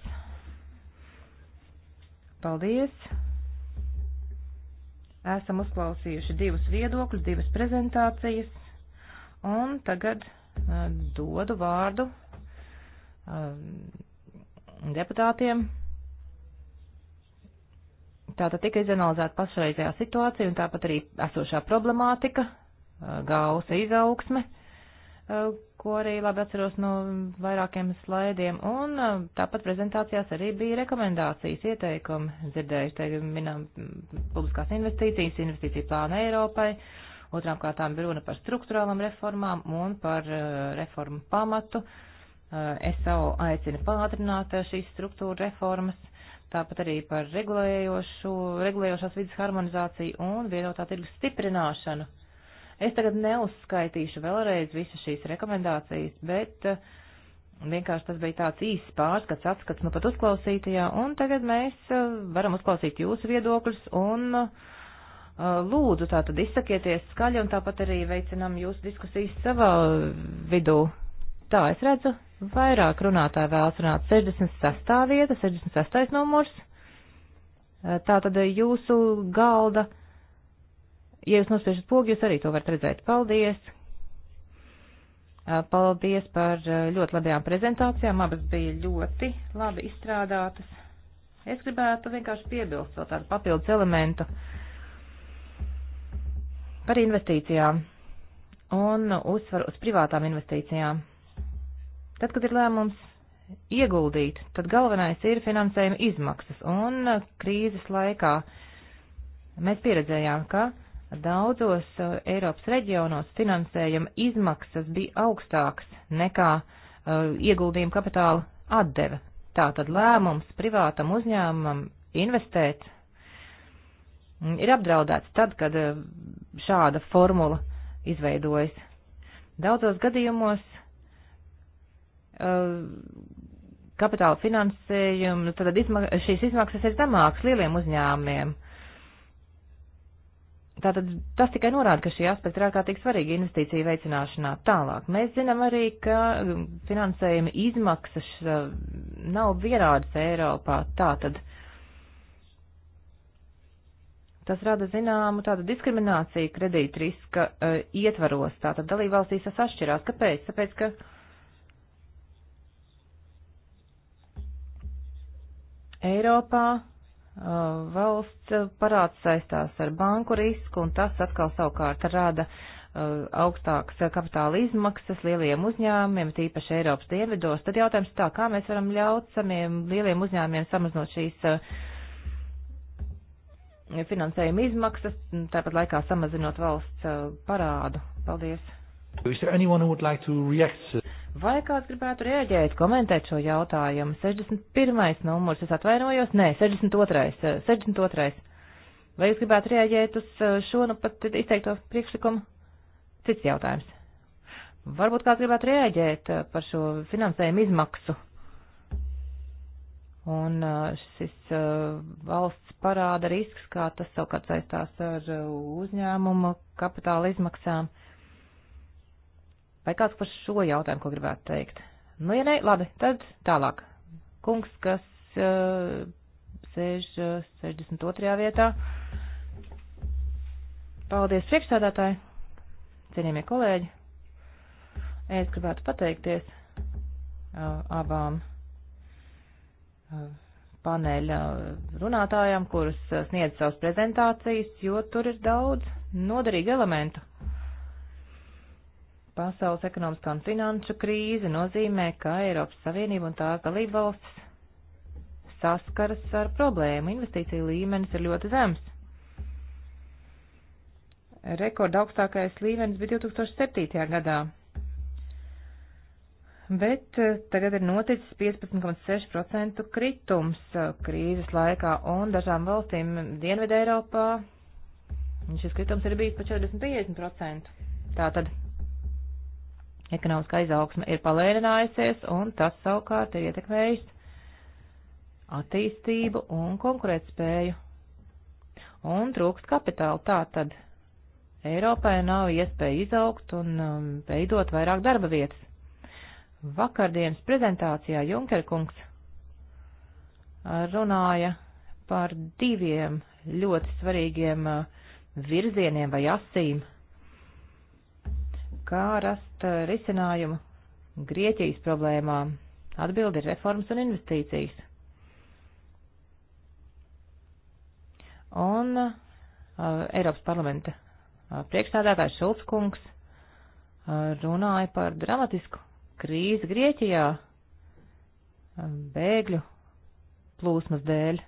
Paldies! Esam uzklausījuši divus viedokļus, divas prezentācijas, un tagad uh, dodu vārdu uh, deputātiem. Tātad tika izanalizēta pašreizējā situācija un tāpat arī esošā problemātika, uh, gausa izaugsme. Uh, ko arī labi atceros no vairākiem slaidiem. Un tāpat prezentācijās arī bija rekomendācijas, ieteikumi dzirdējuši, te minām publiskās investīcijas, investīciju plānu Eiropai. Otrām kārtām bija runa par struktūrālām reformām un par reformu pamatu. SAO aicina pātrināt šīs struktūra reformas, tāpat arī par regulējošās vidas harmonizāciju un vienotā tirgus stiprināšanu Es tagad neuzskaitīšu vēlreiz visas šīs rekomendācijas, bet eh, vienkārši tas bija tāds īsts pārskats, atskats nu pat uzklausītajā, un tagad mēs eh, varam uzklausīt jūsu viedokļus un eh, lūdzu tātad izsakieties skaļi un tāpat arī veicinām jūsu diskusijas savā vidū. Tā, es redzu, vairāk runātāji vēlas runāt 66. vieta, 66. numurs. Tātad jūsu galda ja jūs nospiežat pogu, jūs arī to varat redzēt. Paldies! Paldies par ļoti labajām prezentācijām, abas bija ļoti labi izstrādātas. Es gribētu vienkārši piebilst vēl tādu papildus elementu par investīcijām un uzsvaru uz privātām investīcijām. Tad, kad ir lēmums ieguldīt, tad galvenais ir finansējuma izmaksas, un krīzes laikā mēs pieredzējām, ka Daudzos uh, Eiropas reģionos finansējuma izmaksas bija augstākas nekā uh, ieguldījuma kapitāla atdeve. Tātad lēmums privātam uzņēmumam investēt mm, ir apdraudēts tad, kad uh, šāda formula izveidojas. Daudzos gadījumos uh, kapitāla finansējumu, nu, tad izma šīs izmaksas ir zemākas lieliem uzņēmumiem. Uh, Tātad tas tikai norāda, ka šie aspekti ir ārkārtīgi svarīgi investīciju veicināšanā. Tālāk, mēs zinām arī, ka um, finansējuma izmaksas uh, nav vienādas Eiropā. Tātad tas rada zināmu tādu diskrimināciju kredīta riska uh, ietvaros. Tātad dalībvalstīs tas atšķirās. Kāpēc? Tāpēc, ka. Eiropā Uh, valsts parāds saistās ar banku risku, un tas atkal savukārt rada uh, augstākas kapitāla izmaksas lieliem uzņēmumiem, tīpaši Eiropas dienvidos. Tad jautājums tā, kā mēs varam ļaut samiem lieliem uzņēmumiem samazinot šīs uh, finansējuma izmaksas, tāpat laikā samazinot valsts parādu. Paldies! Vai kāds gribētu rēģēt, komentēt šo jautājumu? 61. numurs, es atvainojos, nē, 62. 62. Eh, Vai jūs gribētu rēģēt uz eh, šo nu pat izteikto priekšlikumu? Cits jautājums. Varbūt kāds gribētu rēģēt eh, par šo finansējumu izmaksu. Un šis valsts parāda risks, kā tas savukārt saistās ar uzņēmumu kapitāla izmaksām. Uh, Vai kāds par šo jautājumu, ko gribētu teikt? Nu, ja nē, labi, tad tālāk. Kungs, kas uh, sēž uh, 62. vietā. Paldies priekšstādātāji, cienījamie kolēģi. Es gribētu pateikties uh, abām uh, paneļa runātājām, kuras uh, sniedz savas prezentācijas, jo tur ir daudz noderīgu elementu. Uh, Pasaules ekonomiskā un finanšu krīze nozīmē, ka Eiropas Savienība un tās dalība valstis saskaras ar problēmu. Investīcija līmenis ir ļoti zems. Rekord augstākais līmenis bija 2007. gadā bet eh, tagad ir noticis 15,6% kritums eh, krīzes laikā, un dažām valstīm Dienvidē Eiropā šis kritums ir bijis pa 40-50%. Tātad Ekonomiskā izaugsme ir palēninājusies, un tas savukārt ir ietekmējis attīstību un konkurētspēju. Un trūkst kapitāla tā tad. Eiropai nav iespēja izaugt un um, veidot vairāk darba vietas. Vakardienas prezentācijā Junkerkungs runāja par diviem ļoti svarīgiem uh, virzieniem vai asīm kā rast eh, risinājumu Grieķijas problēmām. Atbildi ir reformas un investīcijas. Un uh, Eiropas parlamenta uh, priekšstādātājs Šulc kungs uh, runāja par dramatisku krīzi Grieķijā uh, bēgļu plūsmas dēļ.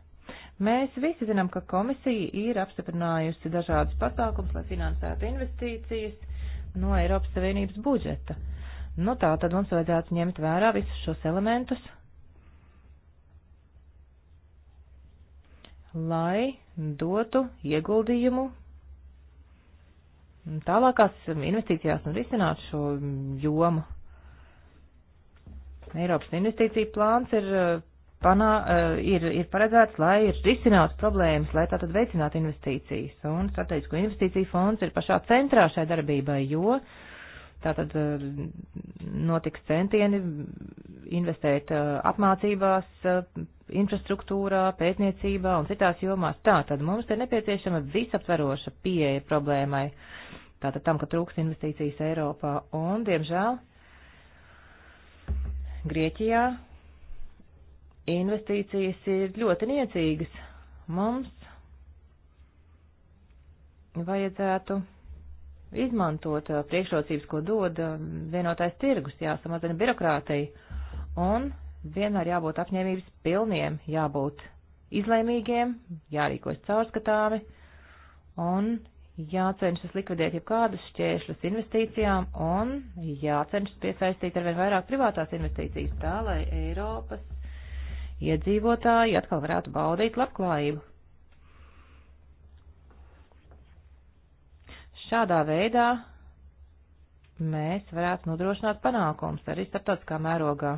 Mēs visi zinām, ka komisija ir apstiprinājusi dažādas pasākums, lai finansētu investīcijas, no Eiropas Savienības budžeta. Nu, tā tad mums vajadzētu ņemt vērā visus šos elementus, lai dotu ieguldījumu tālākās investīcijās un risinātu šo jomu. Eiropas investīcija plāns ir panā, eh, ir, ir paredzēts, lai ir risināts problēmas, lai tātad veicinātu investīcijas. Un strateģisko investīciju fonds ir pašā centrā šai darbībai, jo tātad eh, notiks centieni investēt eh, apmācībās, infrastruktūrā, pētniecībā un citās jomās. Tātad mums ir nepieciešama visaptveroša pieeja problēmai, tātad tam, ka trūks investīcijas Eiropā. Un, diemžēl, Grieķijā investīcijas ir ļoti niecīgas. Mums vajadzētu izmantot uh, priekšrocības, ko dod um, vienotais tirgus, jāsamazina birokrātija un vienmēr jābūt apņēmības pilniem, jābūt izlēmīgiem, jārīkojas caurskatāmi un jācenšas likvidēt jau kādus šķēršļus investīcijām un jācenšas piesaistīt arvien vairāk privātās investīcijas tā, lai Eiropas iedzīvotāji atkal varētu baudīt labklājību. Šādā veidā mēs varētu nodrošināt panākums arī starptautiskā mērogā,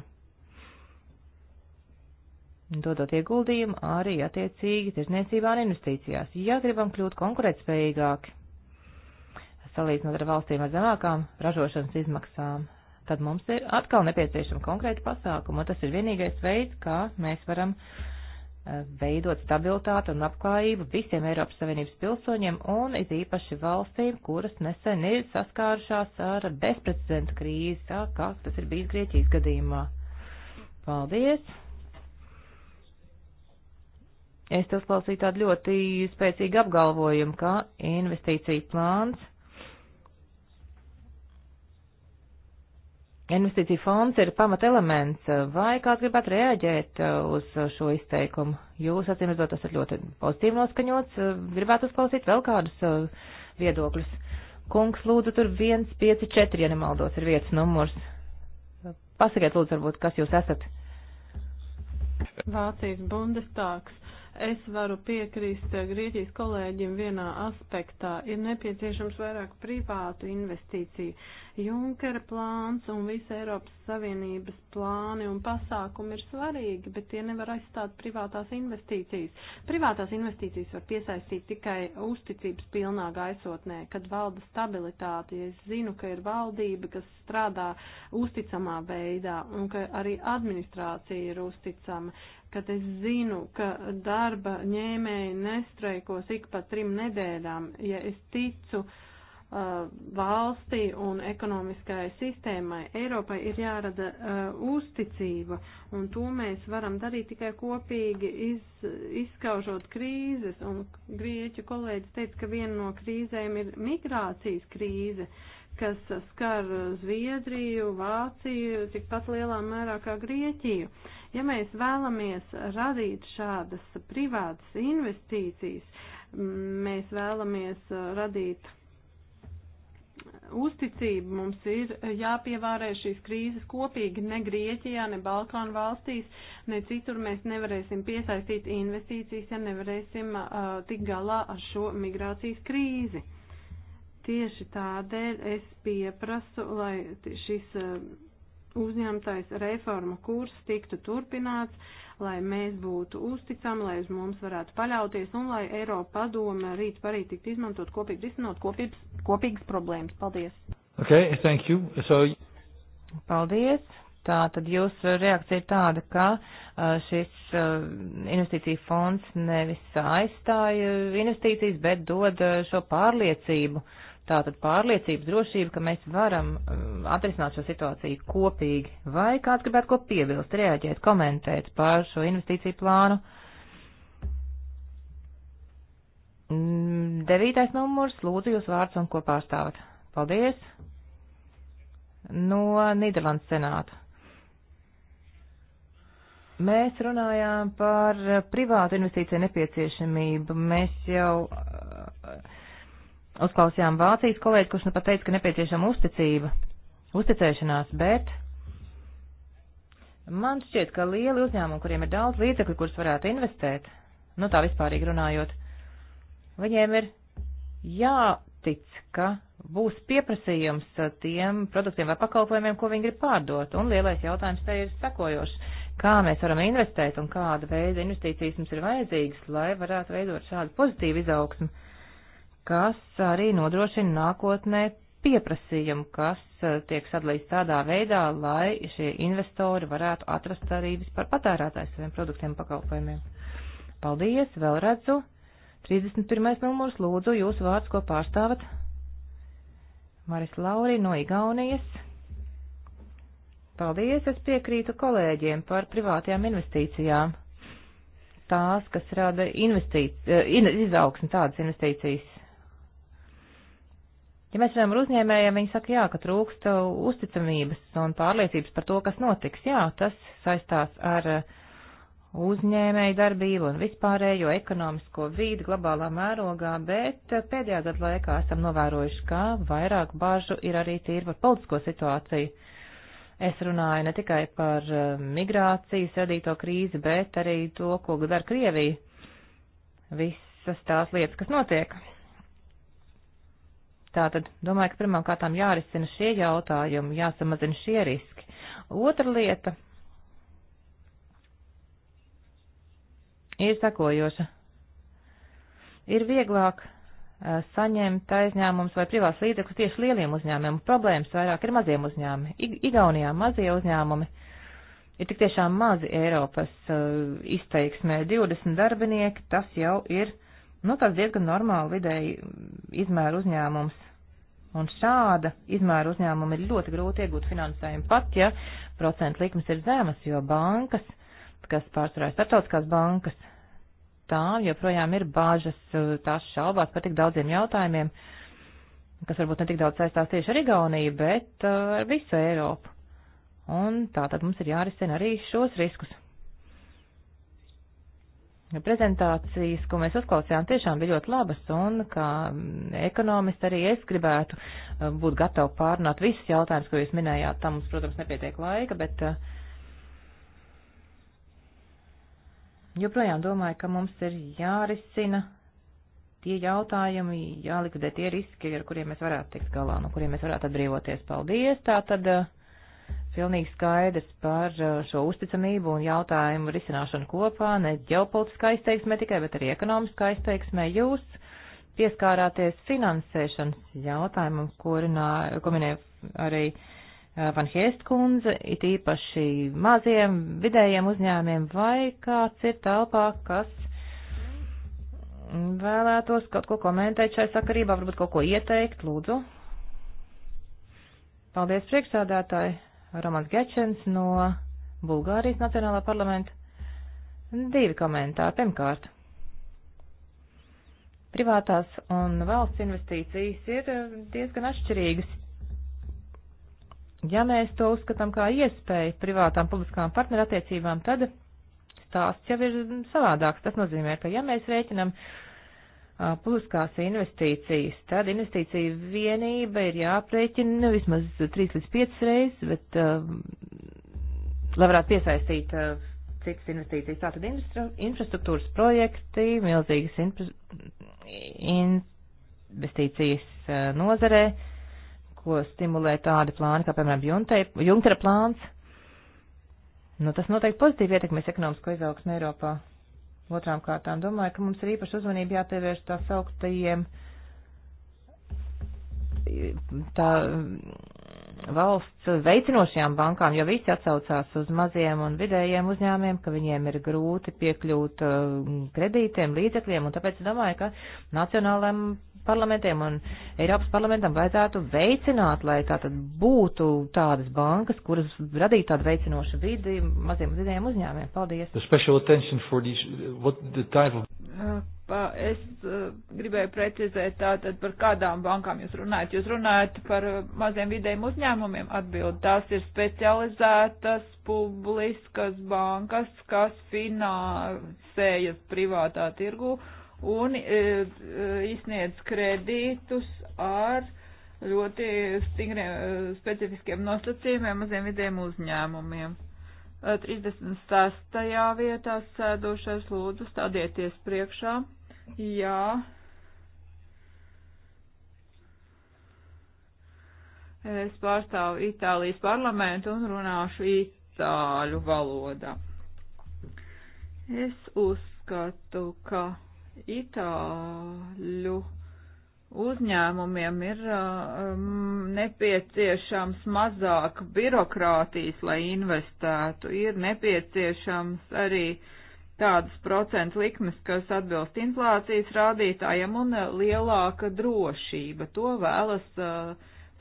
dodot ieguldījumu arī attiecīgi tirzniecībā un investīcijās, ja gribam kļūt konkurētspējīgāki salīdzinot ar valstīm ar zemākām ražošanas izmaksām tad mums ir atkal nepieciešama konkrēta pasākuma, un tas ir vienīgais veids, kā mēs varam eh, veidot stabilitāti un labklājību visiem Eiropas Savienības pilsoņiem un it īpaši valstīm, kuras nesen ir saskārušās ar bezprecedenta krīzi, tā kā tas ir bijis Grieķijas gadījumā. Paldies! Es uzklausīju tādu ļoti spēcīgu apgalvojumu, ka investīcija plāns Investīcija fonds ir pamatelements. Vai kāds gribētu reaģēt uh, uz šo izteikumu? Jūs, acīm redzot, esat ļoti pozitīvi noskaņots. Uh, gribētu uzklausīt vēl kādus uh, viedokļus. Kungs, lūdzu, tur 154, ja nemaldos, ir vietas numurs. Pasakiet, lūdzu, varbūt, kas jūs esat. Vācijas bundestāks. Es varu piekrist eh, Grieķijas kolēģim vienā aspektā. Ir nepieciešams vairāk privātu investīciju. Junkera plāns un visa Eiropas Savienības plāni un pasākumi ir svarīgi, bet tie nevar aizstāt privātās investīcijas. Privātās investīcijas var piesaistīt tikai uzticības pilnā gaisotnē, kad valda stabilitāte. Ja es zinu, ka ir valdība, kas strādā uzticamā veidā un ka arī administrācija ir uzticama kad es zinu, ka darba ņēmēji nestraikos ik pa trim nedēļām, ja es ticu uh, valstī un ekonomiskajai sistēmai, Eiropai ir jārada uh, uzticība, un to mēs varam darīt tikai kopīgi iz, izskaužot krīzes, un grieķu kolēģis teica, ka viena no krīzēm ir migrācijas krīze. Uh, kas skar Zviedriju, Vāciju, tikpat lielā mērā kā Grieķiju. Ja mēs vēlamies radīt šādas privātas investīcijas, mēs vēlamies radīt uzticību, mums ir jāpievārē šīs krīzes kopīgi, ne Grieķijā, ne Balkānu valstīs, ne citur mēs nevarēsim piesaistīt investīcijas, ja nevarēsim uh, tik galā ar šo migrācijas krīzi. Uh, Tieši tādēļ es pieprasu, lai šis eh, uzņemtais reformu kurs tiktu turpināts, lai mēs būtu uzticami, lai uz mums varētu paļauties un lai Eiropa padome rīt parīt tiktu izmantot kopīgi risinot kopības, kopīgas problēmas. Paldies! Okay, thank you. So... Paldies! Tā tad jūsu reakcija ir tāda, ka eh, šis eh, investīcija fonds nevis aizstāja investīcijas, bet dod šo pārliecību tātad pārliecības drošība, ka mēs varam um, atrisināt šo situāciju kopīgi. Vai kāds gribētu ko piebilst, reaģēt, komentēt par šo investīciju plānu? Mm, devītais numurs, lūdzu jūs vārds un ko pārstāvat. Paldies! No Nīderlandes senāta. Mēs runājām par privātu investīciju nepieciešamību. Mēs jau uh, Uzklausījām Vācijas kolēģi, kurš nu pat teica, ka nepieciešama uzticība, uzticēšanās, bet man šķiet, ka lieli uzņēmumi, kuriem ir daudz līdzekļu, kurus varētu investēt, nu tā vispārīgi runājot, viņiem ir jātic, ka būs pieprasījums tiem produktiem vai pakalpojumiem, ko viņi grib pārdot. Un lielais jautājums te ir sekojošs. Kā mēs varam investēt un kāda veida investīcijas mums ir vajadzīgas, lai varētu veidot šādu pozitīvu izaugsmu? kas arī nodrošina nākotnē pieprasījumu, kas eh, tiek sadalīts tādā veidā, lai šie investori varētu atrast arī vispār patērētājs saviem produktiem pakalpojumiem. Paldies, vēl redzu. 31. numurs, lūdzu, jūsu vārds, ko pārstāvat? Maris Lauri no Igaunijas. Paldies, es piekrītu kolēģiem par privātajām investīcijām. Tās, kas rada investīci, eh, izaugsmi tādas investīcijas, Ja mēs runājam ar uzņēmējiem, viņi saka, jā, ka trūkst uzticamības un pārliecības par to, kas notiks. Jā, tas saistās ar uh, uzņēmēju darbību un vispārējo ekonomisko vīdi globālā mērogā, bet uh, pēdējā gada laikā esam novērojuši, ka vairāk bažu ir arī tīri par politisko situāciju. Es runāju ne tikai par uh, migrācijas radīto krīzi, bet arī to, ko dara Krievija. Visas tās lietas, kas notiek. Tātad domāju, ka pirmām kārtām jārisina šie jautājumi, jāsamazina šie riski. Otra lieta ir sekojoša. Ir vieglāk eh, saņemt aizņēmums vai privās līdzekļus tieši lieliem uzņēmumiem. Problēmas vairāk ir maziem uzņēmumiem. Igaunijā mazie uzņēmumi ir tik tiešām mazi Eiropas uh, izteiksmē. 20 darbinieki tas jau ir nu, tāds diezgan normāli vidēji izmēra uzņēmums. Un šāda izmēra uzņēmuma ir ļoti grūti iegūt finansējumu pat, ja procentu likmes ir zemas, jo bankas, kas pārsvarā starptautiskās bankas, tām joprojām ir bāžas, tās šaubās par tik daudziem jautājumiem, kas varbūt ne tik daudz saistās tieši ar Igauniju, bet uh, ar visu Eiropu. Un tā tad mums ir jārisina arī šos riskus prezentācijas, ko mēs uzklausījām, tiešām bija ļoti labas, un kā mm, ekonomisti arī es gribētu eh, būt gatavi pārnāt visus jautājumus, ko jūs minējāt. Tam mums, protams, nepietiek laika, bet eh, joprojām domāju, ka mums ir jārisina tie jautājumi, jālikvidē tie riski, ar kuriem mēs varētu tikt galā, no kuriem mēs varētu atbrīvoties. Paldies! Tātad, uh, pilnīgi skaidrs par uh, šo uzticamību un jautājumu risināšanu kopā, ne ģeopolitiskā izteiksmē tikai, bet arī ekonomiskā izteiksmē. Jūs pieskārāties finansēšanas jautājumam, ko, runā, ko minēja arī uh, Van Hiestkundze, it īpaši maziem vidējiem uzņēmiem, vai kāds ir telpā, kas vēlētos kaut ko komentēt šai sakarībā, varbūt kaut ko ieteikt, lūdzu. Paldies priekšsādātāji! Romans Gečens no Bulgārijas Nacionālā parlamenta. Divi komentāri. Pirmkārt, privātās un valsts investīcijas ir eh, diezgan atšķirīgas. Ja mēs to uzskatām kā iespēju privātām publiskām partnerattiecībām, tad stāsts jau ir savādāks. Tas nozīmē, ka ja mēs rēķinam uh, publiskās investīcijas, tad investīcija vienība ir jāprēķina nu, vismaz 3 līdz 5 reizes, bet, uh, lai varētu piesaistīt uh, citas investīcijas. Tātad infrastruktūras projekti, milzīgas infra investīcijas uh, nozarē, ko stimulē tādi plāni, kā piemēram Junkera plāns. Nu, tas noteikti pozitīvi ietekmēs ekonomisko izaugsmu Eiropā. Otrām kārtām domāju, ka mums ir īpaši uzmanība jāpievērš tā sauktajiem tā mm, valsts veicinošajām bankām, jo visi atsaucās uz maziem un vidējiem uzņēmiem, ka viņiem ir grūti piekļūt mm, kredītiem, līdzekļiem, un tāpēc domāju, ka nacionālajām parlamentiem un Eiropas parlamentam vajadzētu veicināt, lai tātad būtu tādas bankas, kuras radītu tādu veicinošu vidi maziem un vidējiem uzņēmiem. Paldies. These, of... Uh, pa, es uh, gribēju precizēt tātad par kādām bankām jūs runājat. Jūs runājat par uh, maziem vidējiem uzņēmumiem atbild. Tās ir specializētas publiskas bankas, kas finansējas privātā tirgu. Uh, un e, e, izsniedz kredītus ar ļoti stingriem, e, specifiskiem nosacījumiem maziem vidiem uzņēmumiem. 36. vietā sēdošais lūdzu stādieties priekšā. Jā. Es pārstāvu Itālijas parlamentu un runāšu itāļu valodā. Es uzskatu, ka Itāļu uzņēmumiem ir uh, um, nepieciešams mazāk birokrātijas, lai investētu. Ir nepieciešams arī tādas procentu likmes, kas atbilst inflācijas rādītājiem un uh, lielāka drošība. To vēlas uh,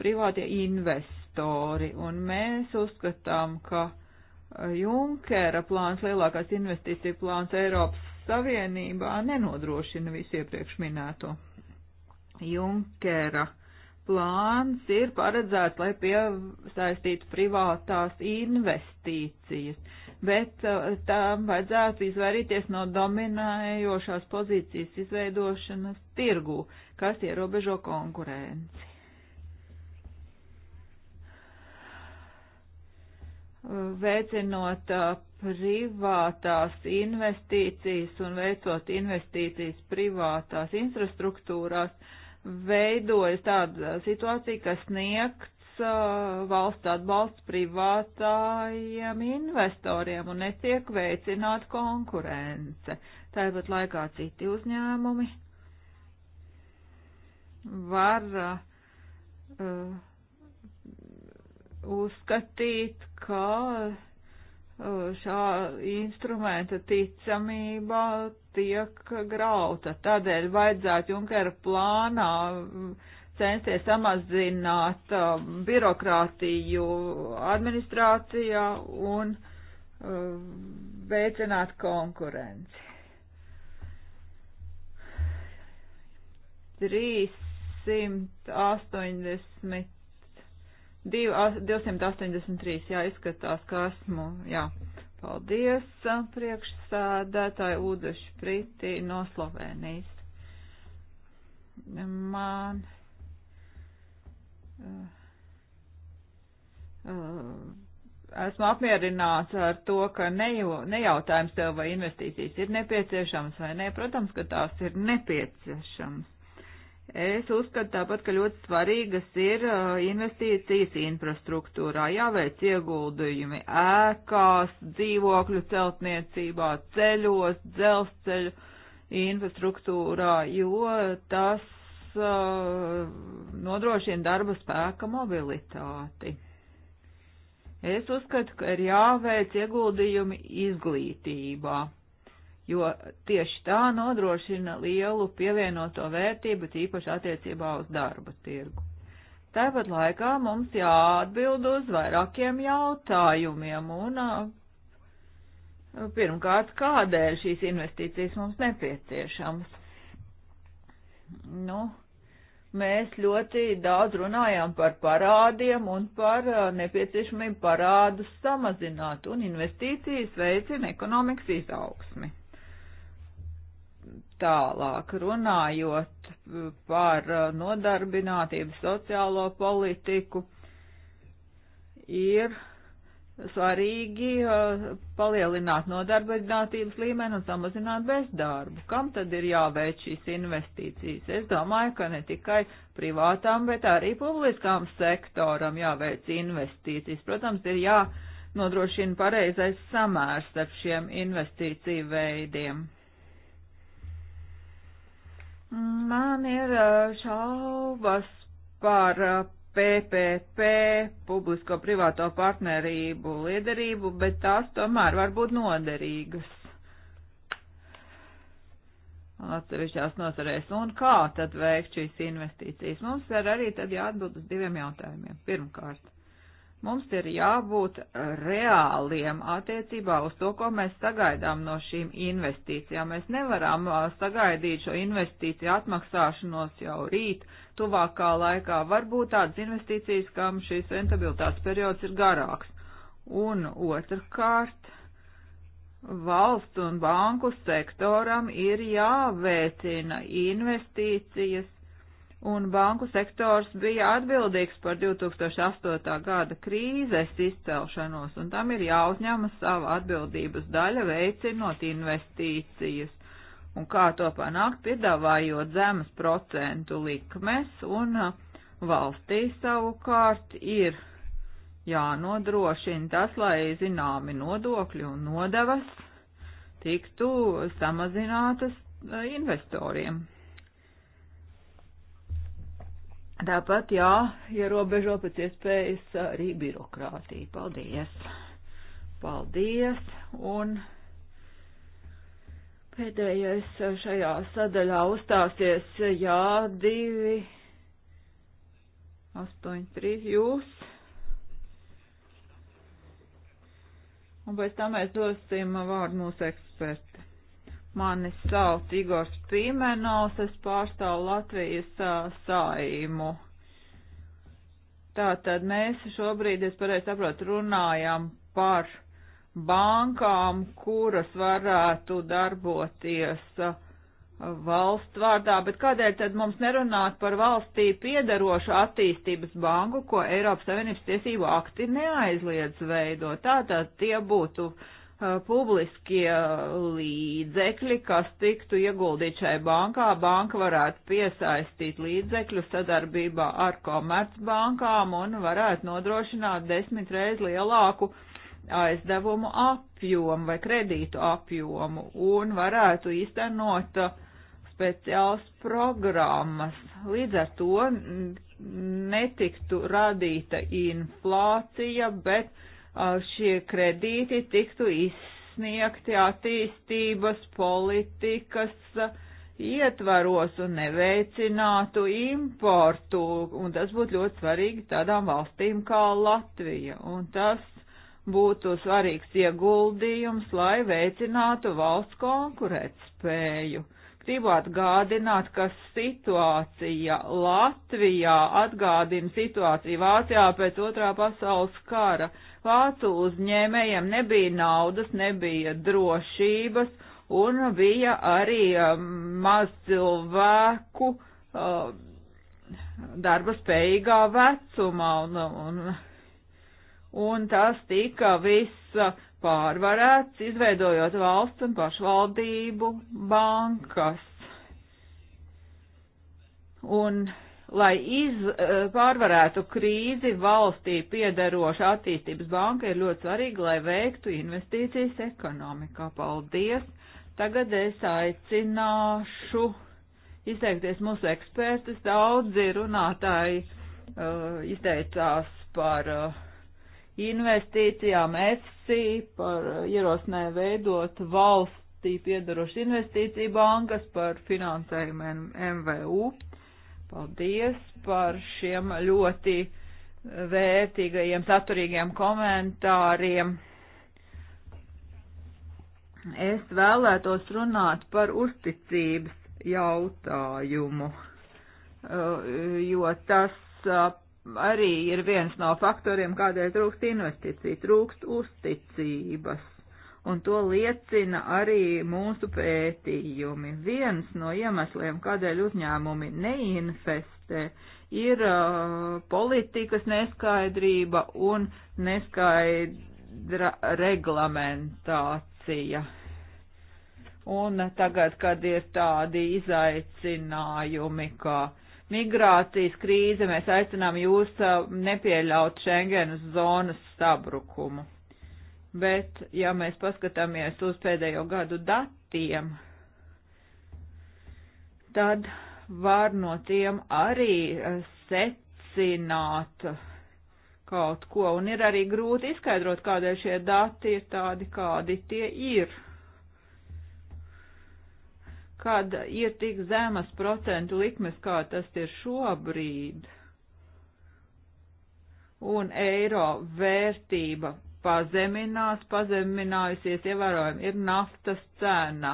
privātie investori. Un mēs uzskatām, ka uh, Junkera plāns, lielākais investīcija plāns Eiropas Savienībā nenodrošina visu iepriekš minēto. Junkera plāns ir paredzēts, lai piesaistītu privātās investīcijas, bet uh, tam vajadzētu izvairīties no dominējošās pozīcijas izveidošanas tirgū, kas ierobežo konkurenci. Veicinot uh, privātās investīcijas un veicot investīcijas privātās infrastruktūrās, veidojas tāda situācija, ka sniegts uh, valsts atbalsts privātājiem investoriem un netiek veicināta konkurence. Tāpat laikā citi uzņēmumi var uh, uzskatīt, ka šā instrumenta ticamība tiek grauta. Tādēļ vajadzētu Junkera plānā mm, censties samazināt mm, birokrātiju administrācijā un mm, veicināt konkurenci. 380 283, jā, izskatās, ka esmu, jā. Paldies, priekšsēdētāji Udeši Priti no Slovenijas. Man esmu apmierināts ar to, ka nejautājums tev, vai investīcijas ir nepieciešamas vai nē. Protams, ka tās ir nepieciešamas. Es uzskatu tāpat, ka ļoti svarīgas ir uh, investīcijas infrastruktūrā, jāveic ieguldījumi ēkās, dzīvokļu celtniecībā, ceļos, dzelzceļu infrastruktūrā, jo tas uh, nodrošina darba spēka mobilitāti. Es uzskatu, ka ir jāveic ieguldījumi izglītībā jo tieši tā nodrošina lielu pievienoto vērtību, tīpaši attiecībā uz darba tirgu. Tāpat laikā mums jāatbild uz vairākiem jautājumiem un pirmkārt, kādēļ šīs investīcijas mums nepieciešamas. Nu, mēs ļoti daudz runājām par parādiem un par nepieciešamību parādus samazināt, un investīcijas veicina ekonomikas izaugsmi tālāk. Runājot par nodarbinātību sociālo politiku, ir svarīgi uh, palielināt nodarbinātības līmeni un samazināt bezdarbu. Kam tad ir jāveic šīs investīcijas? Es domāju, ka ne tikai privātām, bet arī publiskām sektoram jāveic investīcijas. Protams, ir jānodrošina pareizais samērs starp šiem investīciju veidiem. Man ir eh, šaubas par eh, PPP, publisko-privāto partnerību liederību, bet tās tomēr var būt noderīgas. Atsevišķās nozarēs. Un kā tad veikt šīs investīcijas? Mums ir arī tad jāatbild uz diviem jautājumiem. Pirmkārt, Mums ir jābūt reāliem attiecībā uz to, ko mēs sagaidām no šīm investīcijām. Mēs nevaram sagaidīt šo investīciju atmaksāšanos jau rīt, tuvākā laikā. Varbūt tādas investīcijas, kam šīs rentabilitātes periods ir garāks. Un otrkārt, valsts un banku sektoram ir jāveicina investīcijas un banku sektors bija atbildīgs par 2008. gada krīzes izcelšanos, un tam ir jāuzņemas sava atbildības daļa veicinot investīcijas. Un kā to panākt, piedāvājot zemes procentu likmes, un uh, valstī savukārt ir jānodrošina tas, lai zināmi nodokļi un nodevas tiktu samazinātas uh, investoriem. Tāpat jāierobežo pēc iespējas arī birokrātija. Paldies! Paldies! Un pēdējais šajā sadaļā uzstāsies jā, divi, astoņi, trīs jūs. Un pēc tam mēs dosim vārdu mūsu ekspertu Mani sauc Igors Pīmenovs, es pārstāvu Latvijas saimu. Tātad mēs šobrīd, es pareizi saprotu, runājam par bankām, kuras varētu darboties valsts vārdā, bet kādēļ tad mums nerunāt par valstī piedarošu attīstības banku, ko Eiropas Savienības tiesību akti neaizliedz veidot? Tātad tie būtu uh, publiskie līdzekļi, kas tiktu ieguldīt šai bankā. Banka varētu piesaistīt līdzekļu sadarbībā ar komercbankām un varētu nodrošināt desmit reiz lielāku aizdevumu apjomu vai kredītu apjomu un varētu īstenot speciāls programmas. Līdz ar to netiktu radīta inflācija, bet uh, šie kredīti tiktu izsniegti attīstības politikas ietvaros un neveicinātu importu, un tas būtu ļoti svarīgi tādām valstīm kā Latvija, un tas būtu svarīgs ieguldījums, lai veicinātu valsts konkurētspēju. Gribu atgādināt, ka situācija Latvijā atgādina situāciju Vācijā pēc otrā pasaules kara Vācu uzņēmējiem nebija naudas, nebija drošības un bija arī um, maz cilvēku uh, darba spējīgā vecumā. Un, un, un tas tika viss pārvarēts, izveidojot valsts un pašvaldību bankas. Un Lai iz, eh, pārvarētu krīzi, valstī piedaroša attīstības banka ir ļoti svarīga, lai veiktu investīcijas ekonomikā. Paldies! Tagad es aicināšu izteikties mūsu ekspertus. Daudzi runātāji uh, izteicās par uh, investīcijām EFSI, par uh, ierosinē veidot valstī piedarošu investīciju bankas, par finansējumu MVU. Paldies par šiem ļoti vērtīgajiem, saturīgiem komentāriem. Es vēlētos runāt par uzticības jautājumu, eh, jo tas eh, arī ir viens no faktoriem, kādēļ trūkst investīcija, trūkst uzticības un to liecina arī mūsu pētījumi. Viens no iemesliem, kādēļ uzņēmumi neinvestē, ir uh, politikas neskaidrība un neskaidra reglamentācija. Un tagad, kad ir tādi izaicinājumi, kā migrācijas krīze, mēs aicinām jūs uh, nepieļaut Schengenas zonas sabrukumu bet ja mēs paskatāmies uz pēdējo gadu datiem, tad var no tiem arī eh, secināt kaut ko, un ir arī grūti izskaidrot, kādēļ šie dati ir tādi, kādi tie ir. Kad ir tik zemas procentu likmes, kā tas ir šobrīd, un eiro vērtība pazeminās, pazeminājusies ievērojami ir naftas cena.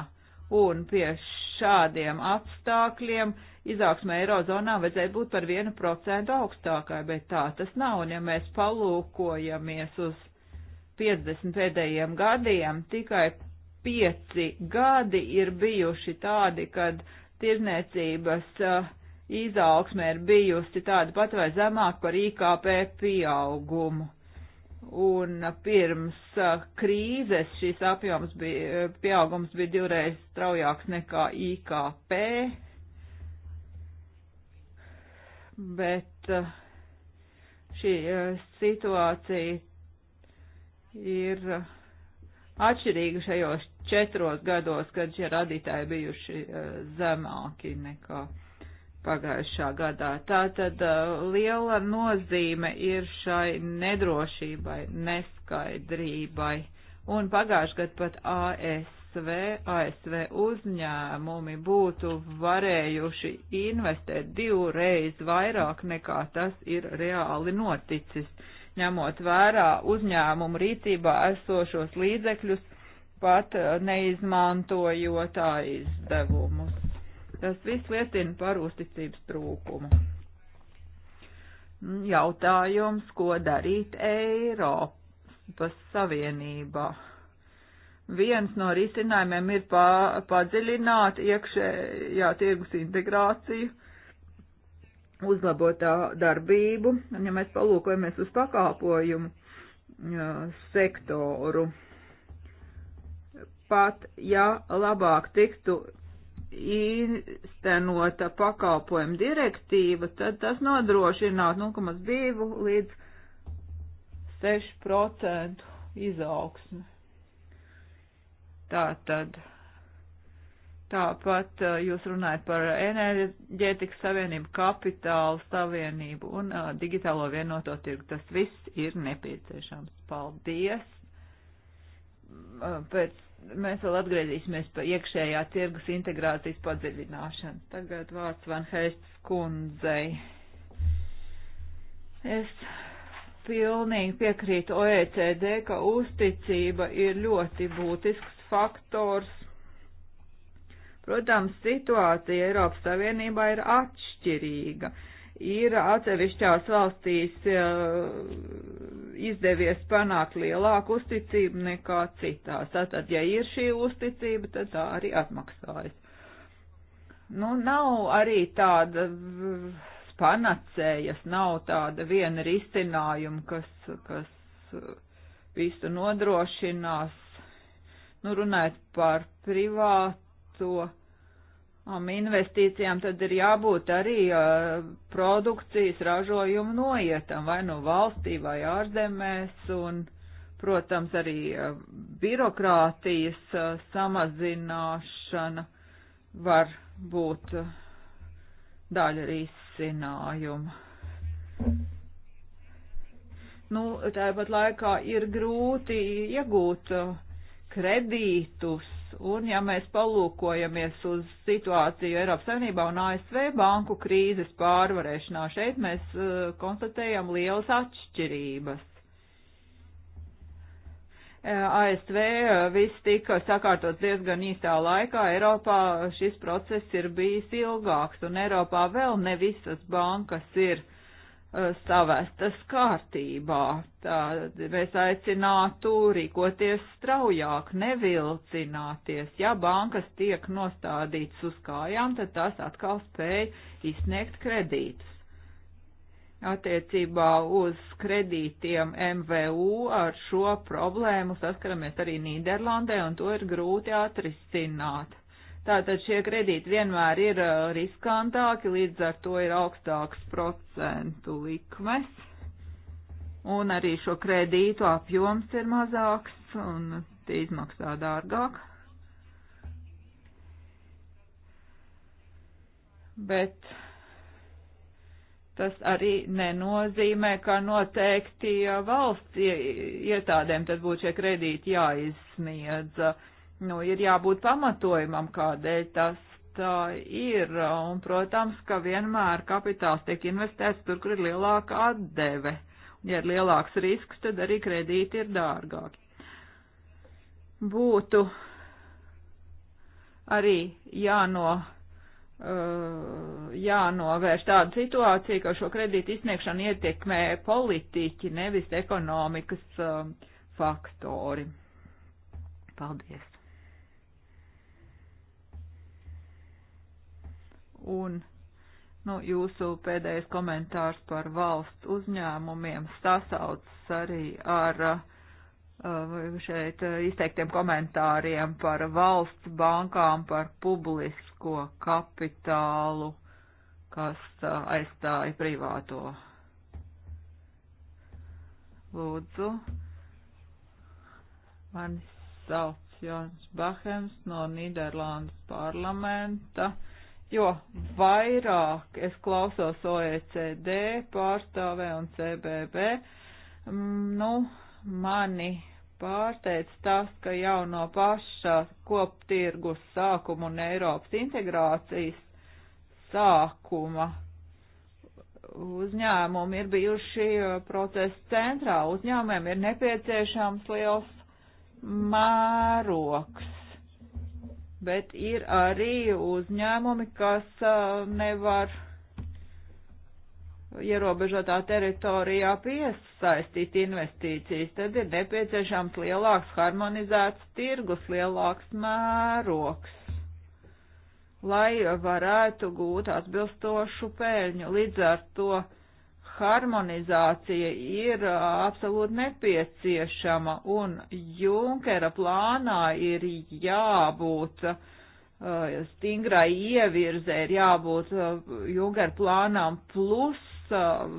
Un pie šādiem apstākļiem izaugsme Eirozonā vajadzēja būt par 1% augstākai, bet tā tas nav. Un ja mēs palūkojamies uz 50 pēdējiem gadiem, tikai 5 gadi ir bijuši tādi, kad tirzniecības uh, izaugsme ir bijusi tāda pat vai zemāk par IKP pieaugumu Un pirms uh, krīzes šis apjoms bija, uh, pieaugums bija divreiz straujāks nekā IKP, bet uh, šī situācija ir atšķirīga šajos četros gados, kad šie radītāji bijuši zemāki nekā pagājušā gadā. Tātad uh, liela nozīme ir šai nedrošībai, neskaidrībai. Un pagājušajā gadā pat ASV, ASV uzņēmumi būtu varējuši investēt divreiz vairāk nekā tas ir reāli noticis, ņemot vērā uzņēmumu rīcībā esošos līdzekļus, pat uh, neizmantojot aizdevumus Tas viss liecina par uzticības trūkumu. Jautājums, ko darīt Eiropas Savienībā? Viens no risinājumiem ir pā, padziļināt iekšējā tirgus integrāciju, uzlabot tā darbību, un ja mēs palūkojamies uz pakāpojumu sektoru, pat ja labāk tiktu īstenota pakalpojuma direktīva, tad tas nodrošinātu 0,2 līdz 6% izaugsmi. Tā tad. Tāpat eh, jūs runājat par enerģētikas savienību, kapitālu savienību un uh, digitālo vienoto tirgu. Tas viss ir nepieciešams. Paldies! Eh, pēc mēs vēl atgriezīsimies pie iekšējā tirgus integrācijas padziļināšanas. Tagad vārds Van Heists kundzei. Es pilnīgi piekrītu OECD, ka uzticība ir ļoti būtisks faktors. Protams, situācija Eiropas Savienībā ir atšķirīga. Uh, ir atsevišķās valstīs eh, izdevies panākt lielāku uzticību nekā citās. Tātad, ja ir šī uzticība, tad tā arī atmaksājas. Nu, nav arī tāda panacējas, nav tāda viena risinājuma, kas, kas eh, visu nodrošinās. Nu, runājot par privāto investīcijām tad ir jābūt arī uh, produkcijas ražojumu noietam, vai nu no valstī, vai ārzemēs, un, protams, arī uh, birokrātijas uh, samazināšana var būt daļa risinājuma. Nu, tāpat laikā ir grūti iegūt uh, kredītus, un ja mēs palūkojamies uz situāciju Eiropas Savienībā un ASV banku krīzes pārvarēšanā, šeit mēs uh, konstatējam lielas atšķirības. Uh, ASV uh, viss tika sakārtot diezgan īsā laikā, Eiropā šis process ir bijis ilgāks, un Eiropā vēl ne visas bankas ir uh, Eh, savestas kārtībā. Tā, mēs aicinātu rīkoties straujāk, nevilcināties. Ja bankas tiek nostādītas uz kājām, tad tās atkal spēj izsniegt kredītus. Attiecībā uz kredītiem MVU ar šo problēmu saskaramies arī Nīderlandē, un to ir grūti atrisināt Tātad šie kredīti vienmēr ir uh, riskantāki, līdz ar to ir augstāks procentu likmes, un arī šo kredītu apjoms ir mazāks, un tie izmaksā dārgāk. Bet tas arī nenozīmē, ka noteikti uh, valsts iestādēm tad būtu šie kredīti jāizsniedz. Uh, Nu, ir jābūt pamatojumam, kādēļ tas tā ir. Un, protams, ka vienmēr kapitāls tiek investēts tur, kur ir lielāka atdeve. Un, ja ir lielāks risks, tad arī kredīti ir dārgāki. Būtu arī jāno, uh, jānovērš tāda situācija, ka šo kredītu izsniegšanu ietekmē politiķi, nevis ekonomikas uh, faktori. Paldies! Un nu, jūsu pēdējais komentārs par valsts uzņēmumiem sasaucas arī ar uh, šeit uh, izteiktiem komentāriem par valsts bankām, par publisko kapitālu, kas uh, aizstāja privāto. Lūdzu, mani sauc Jons Bahems no Nīderlandes parlamenta jo vairāk es klausos OECD pārstāvē un CBB, mm, nu, mani pārteic tas, ka jau no paša koptirgus sākuma un Eiropas integrācijas sākuma uzņēmumi ir bijuši uh, procesa centrā. Uzņēmumiem ir nepieciešams liels mēroks bet ir arī uzņēmumi, kas nevar ierobežotā teritorijā piesaistīt investīcijas, tad ir nepieciešams lielāks harmonizēts tirgus, lielāks mērogs, lai varētu gūt atbilstošu pēļņu. Līdz ar to harmonizācija ir absolūti nepieciešama un Junkera plānā ir jābūt stingrai ievirzē, ir jābūt Junkera plānām plus,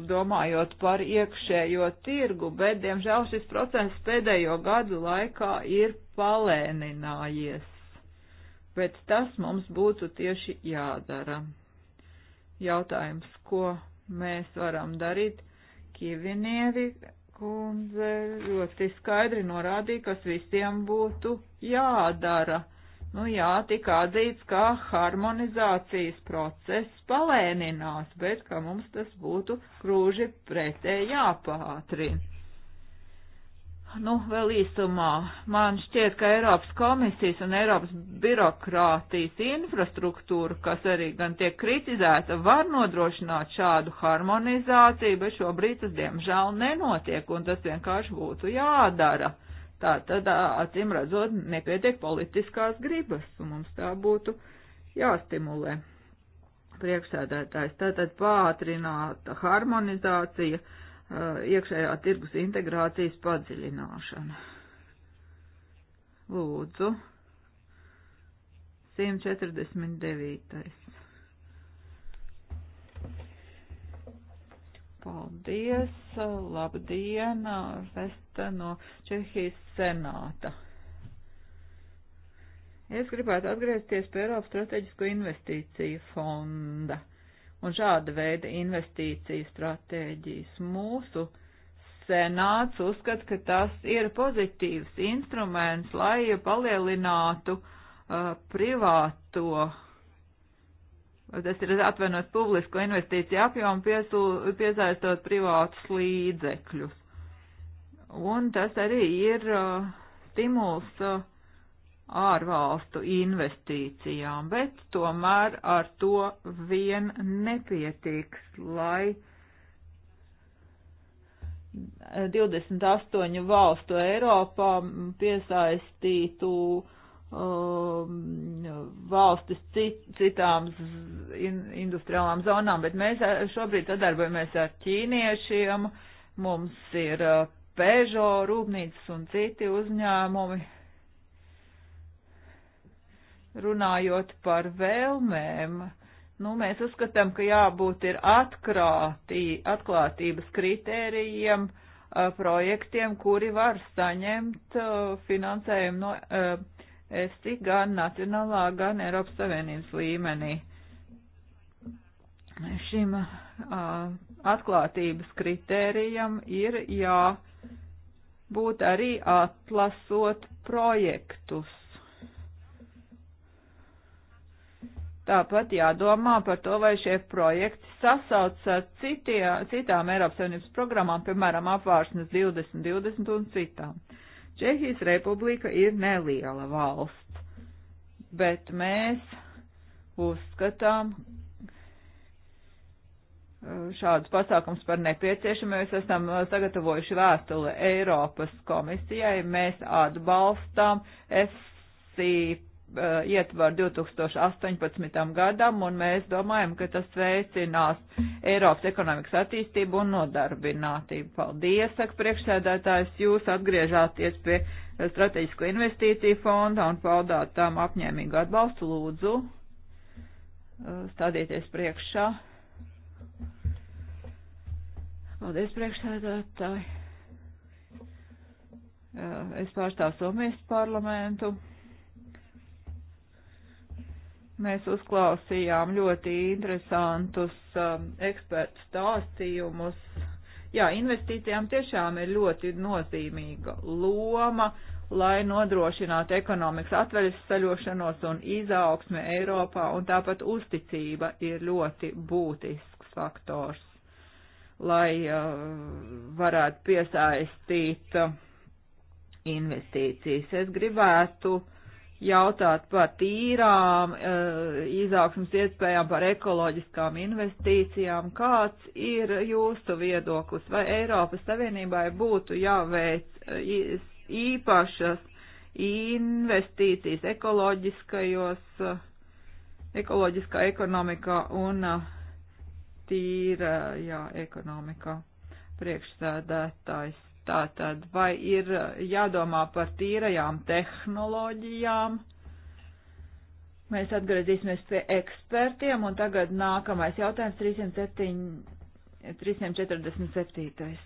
domājot par iekšējo tirgu, bet, diemžēl, šis process pēdējo gadu laikā ir palēninājies. Bet tas mums būtu tieši jādara. Jautājums, ko mēs varam darīt. Kivinievi kundze ļoti skaidri norādīja, kas visiem būtu jādara. Nu jā, tika atzīts, ka harmonizācijas process palēninās, bet ka mums tas būtu krūži pretēji jāpātrina. Nu, vēl īsumā, man šķiet, ka Eiropas komisijas un Eiropas birokrātijas infrastruktūra, kas arī gan tiek kritizēta, var nodrošināt šādu harmonizāciju, bet šobrīd tas diemžēl nenotiek, un tas vienkārši būtu jādara. Tā tad, acīm redzot, nepietiek politiskās gribas, un mums tā būtu jāstimulē. Priekšsēdētājs tātad pātrināta harmonizācija Eh, iekšējā tirgus integrācijas padziļināšana. Lūdzu, 149. Paldies, labdien, Vesta no Čehijas senāta. Es gribētu atgriezties pie Eiropas strateģisko investīciju fonda un šāda veida investīciju stratēģijas. Mūsu senāts uzskata, ka tas ir pozitīvs instruments, lai palielinātu uh, privāto, tas ir atvainot publisko investīciju apjomu, piesu, piesaistot privātus līdzekļus. Un tas arī ir uh, stimuls uh, ārvalstu investīcijām, bet tomēr ar to vien nepietiks, lai 28 valstu Eiropā piesaistītu um, valstis cit, citām in, industriālām zonām, bet mēs eh, šobrīd sadarbojamies ar ķīniešiem, mums ir eh, Peugeot rūpnīcas un citi uzņēmumi, runājot par vēlmēm, nu, mēs uzskatām, ka jābūt ir atkrātī, atklātības kritērijiem a, eh, projektiem, kuri var saņemt a, eh, finansējumu no eh, ESI gan nacionālā, gan Eiropas Savienības līmenī. Šim a, atklātības kritērijam ir jābūt arī atlasot projektus Tāpat jādomā par to, vai šie projekti sasauc ar citie, citām Eiropas Savienības programmām, piemēram, apvārsnes 2020 un citām. Čehijas republika ir neliela valsts, bet mēs uzskatām, eh, šādus pasākums par nepieciešamu. Mēs esam eh, sagatavojuši vēstuli Eiropas komisijai. Mēs atbalstām FC Eh, ietvaru 2018. gadam, un mēs domājam, ka tas veicinās Eiropas ekonomikas attīstību un nodarbinātību. Paldies, saka priekšsēdētājs, jūs atgriežāties pie strateģisko investīciju fonda un paudāt tām apņēmīgu atbalstu lūdzu. Eh, stādieties priekšā. Paldies, priekšsēdētāji. Eh, es pārstāvu Somijas parlamentu. Mēs uzklausījām ļoti interesantus um, ekspertu stāstījumus. Jā, investīcijām tiešām ir ļoti nozīmīga loma, lai nodrošinātu ekonomikas atveļsaļošanos un izaugsme Eiropā, un tāpat uzticība ir ļoti būtisks faktors, lai uh, varētu piesaistīt uh, investīcijas. Es gribētu uh, jautāt par tīrām eh, izaugsmas iespējām, par ekoloģiskām investīcijām. Kāds ir jūsu viedoklis? Vai Eiropas Savienībai būtu jāveic eh, īpašas investīcijas ekoloģiskajos, eh, ekoloģiskā ekonomikā un tīrajā ekonomikā? Priekšsēdētājs Tātad, vai ir eh, jādomā par tīrajām tehnoloģijām? Mēs atgriezīsimies pie ekspertiem, un tagad nākamais jautājums 307, 347.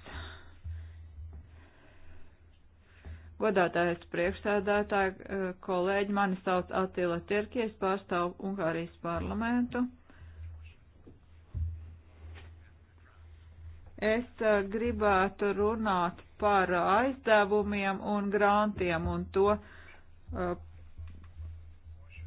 Godātājs priekšsēdētāji, eh, kolēģi, mani sauc Attila Tirkies, pārstāvu Ungārijas parlamentu. Mm. Es eh, gribētu runāt par aizdevumiem un grantiem un to uh,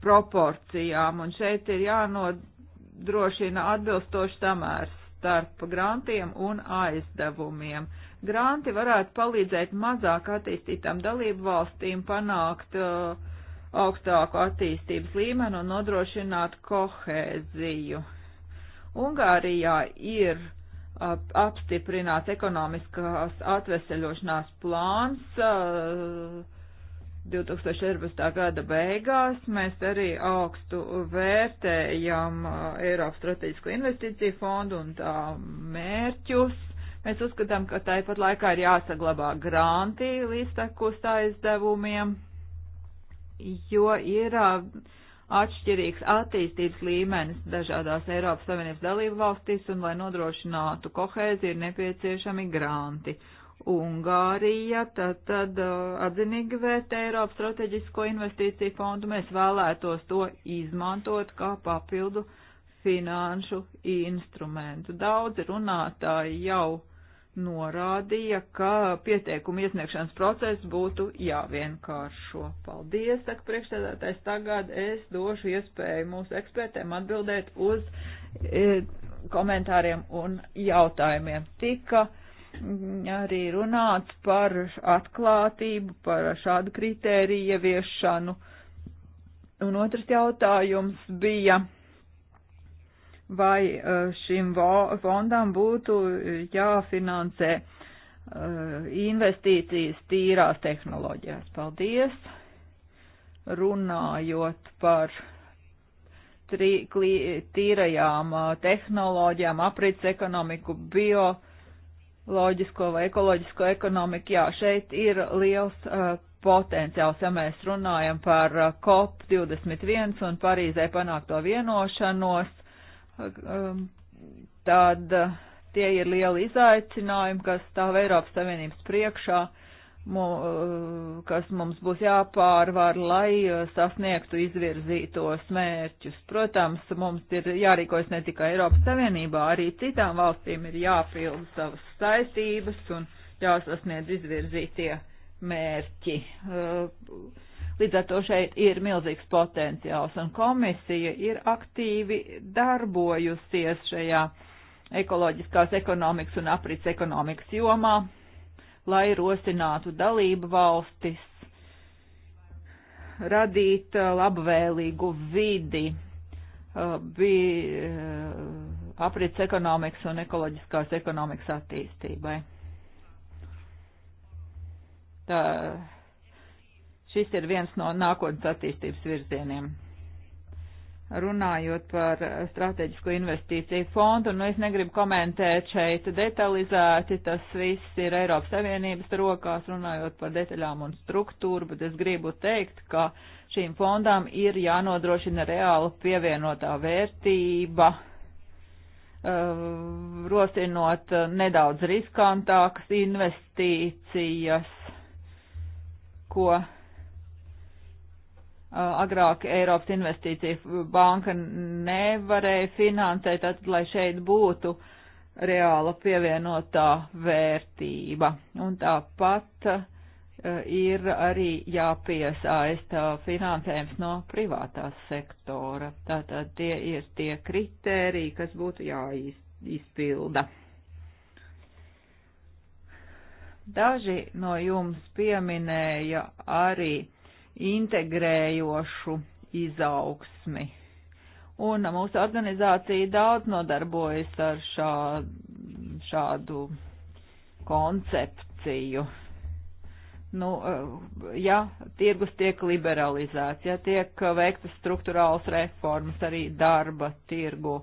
proporcijām. Un šeit ir jānodrošina atbilstoši samērs starp grantiem un aizdevumiem. Granti varētu palīdzēt mazāk attīstītām dalību valstīm panākt uh, augstāku attīstības līmeni un nodrošināt kohēziju. Ungārijā ir apstiprināts ekonomiskās atveseļošanās plāns 2014. gada beigās. Mēs arī augstu vērtējam Eiropas strateģisko investīciju fondu un tā mērķus. Mēs uzskatām, ka tāpat laikā ir jāsaglabā grantī līdztekus tā izdevumiem, jo ir uh, atšķirīgs attīstības līmenis dažādās Eiropas Savienības dalību valstīs un, lai nodrošinātu kohēziju, ir nepieciešami granti. Ungārija tad, tad uh, atzinīgi vērtē Eiropas strateģisko investīciju fondu. Mēs vēlētos to izmantot kā papildu finanšu instrumentu. Daudzi runātāji jau norādīja, ka pieteikumu iesniegšanas process būtu jāvienkāršo. Paldies, saka priekšstādātais. Tagad es došu iespēju mūsu ekspertiem atbildēt uz e, komentāriem un jautājumiem. Tika mm, arī runāts par atklātību, par šādu kritēriju ieviešanu. Un otrs jautājums bija vai e, šim fondam būtu jāfinansē e, investīcijas tīrās tehnoloģijās. Paldies! Runājot par tri, kli, tīrajām e, tehnoloģijām, aprits ekonomiku, bioloģisko vai ekoloģisko ekonomiku, jā, šeit ir liels uh, potenciāls, ja mēs runājam par COP21 un Parīzē panākto vienošanos Um, tad uh, tie ir lieli izaicinājumi, kas stāv Eiropas Savienības priekšā, mu, uh, kas mums būs jāpārvar, lai uh, sasniegtu izvirzītos mērķus. Protams, mums ir jārīkojas ne tikai Eiropas Savienībā, arī citām valstīm ir jāpilda savas saistības un jāsasniedz izvirzītie mērķi. Uh, Līdz ar to šeit ir milzīgs potenciāls, un komisija ir aktīvi darbojusies šajā ekoloģiskās ekonomikas un aprits ekonomikas jomā, lai rosinātu dalību valstis, radīt uh, labvēlīgu vidi, bija uh, uh, aprits ekonomikas un ekoloģiskās ekonomikas attīstībai. Tā Šis ir viens no nākotnes attīstības virzieniem. Runājot par strateģisko investīciju fondu, nu es negribu komentēt šeit detalizēti, tas viss ir Eiropas Savienības rokās, runājot par detaļām un struktūru, bet es gribu teikt, ka šīm fondām ir jānodrošina reāla pievienotā vērtība, uh, rosinot nedaudz riskantākas investīcijas, ko agrāk Eiropas investīcija banka nevarēja finansēt, tad, lai šeit būtu reāla pievienotā vērtība. Un tāpat eh, ir arī jāpiesaista finansējums no privātās sektora. Tātad tie ir tie kritēriji, kas būtu jāizpilda. Daži no jums pieminēja arī integrējošu izaugsmi. Un mūsu organizācija daudz nodarbojas ar šā, šādu koncepciju. Nu, eh, ja tirgus tiek liberalizēts, ja tiek veiktas struktūrāls reformas arī darba tirgu.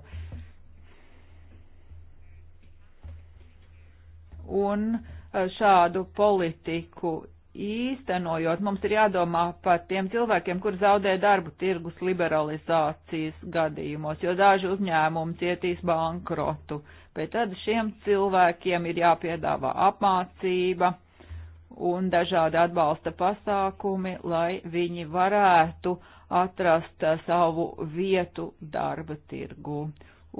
Un eh, šādu politiku īstenojot, mums ir jādomā par tiem cilvēkiem, kur zaudē darbu tirgus liberalizācijas gadījumos, jo daži uzņēmumi cietīs bankrotu, bet tad šiem cilvēkiem ir jāpiedāvā apmācība un dažādi atbalsta pasākumi, lai viņi varētu atrast savu vietu darba tirgu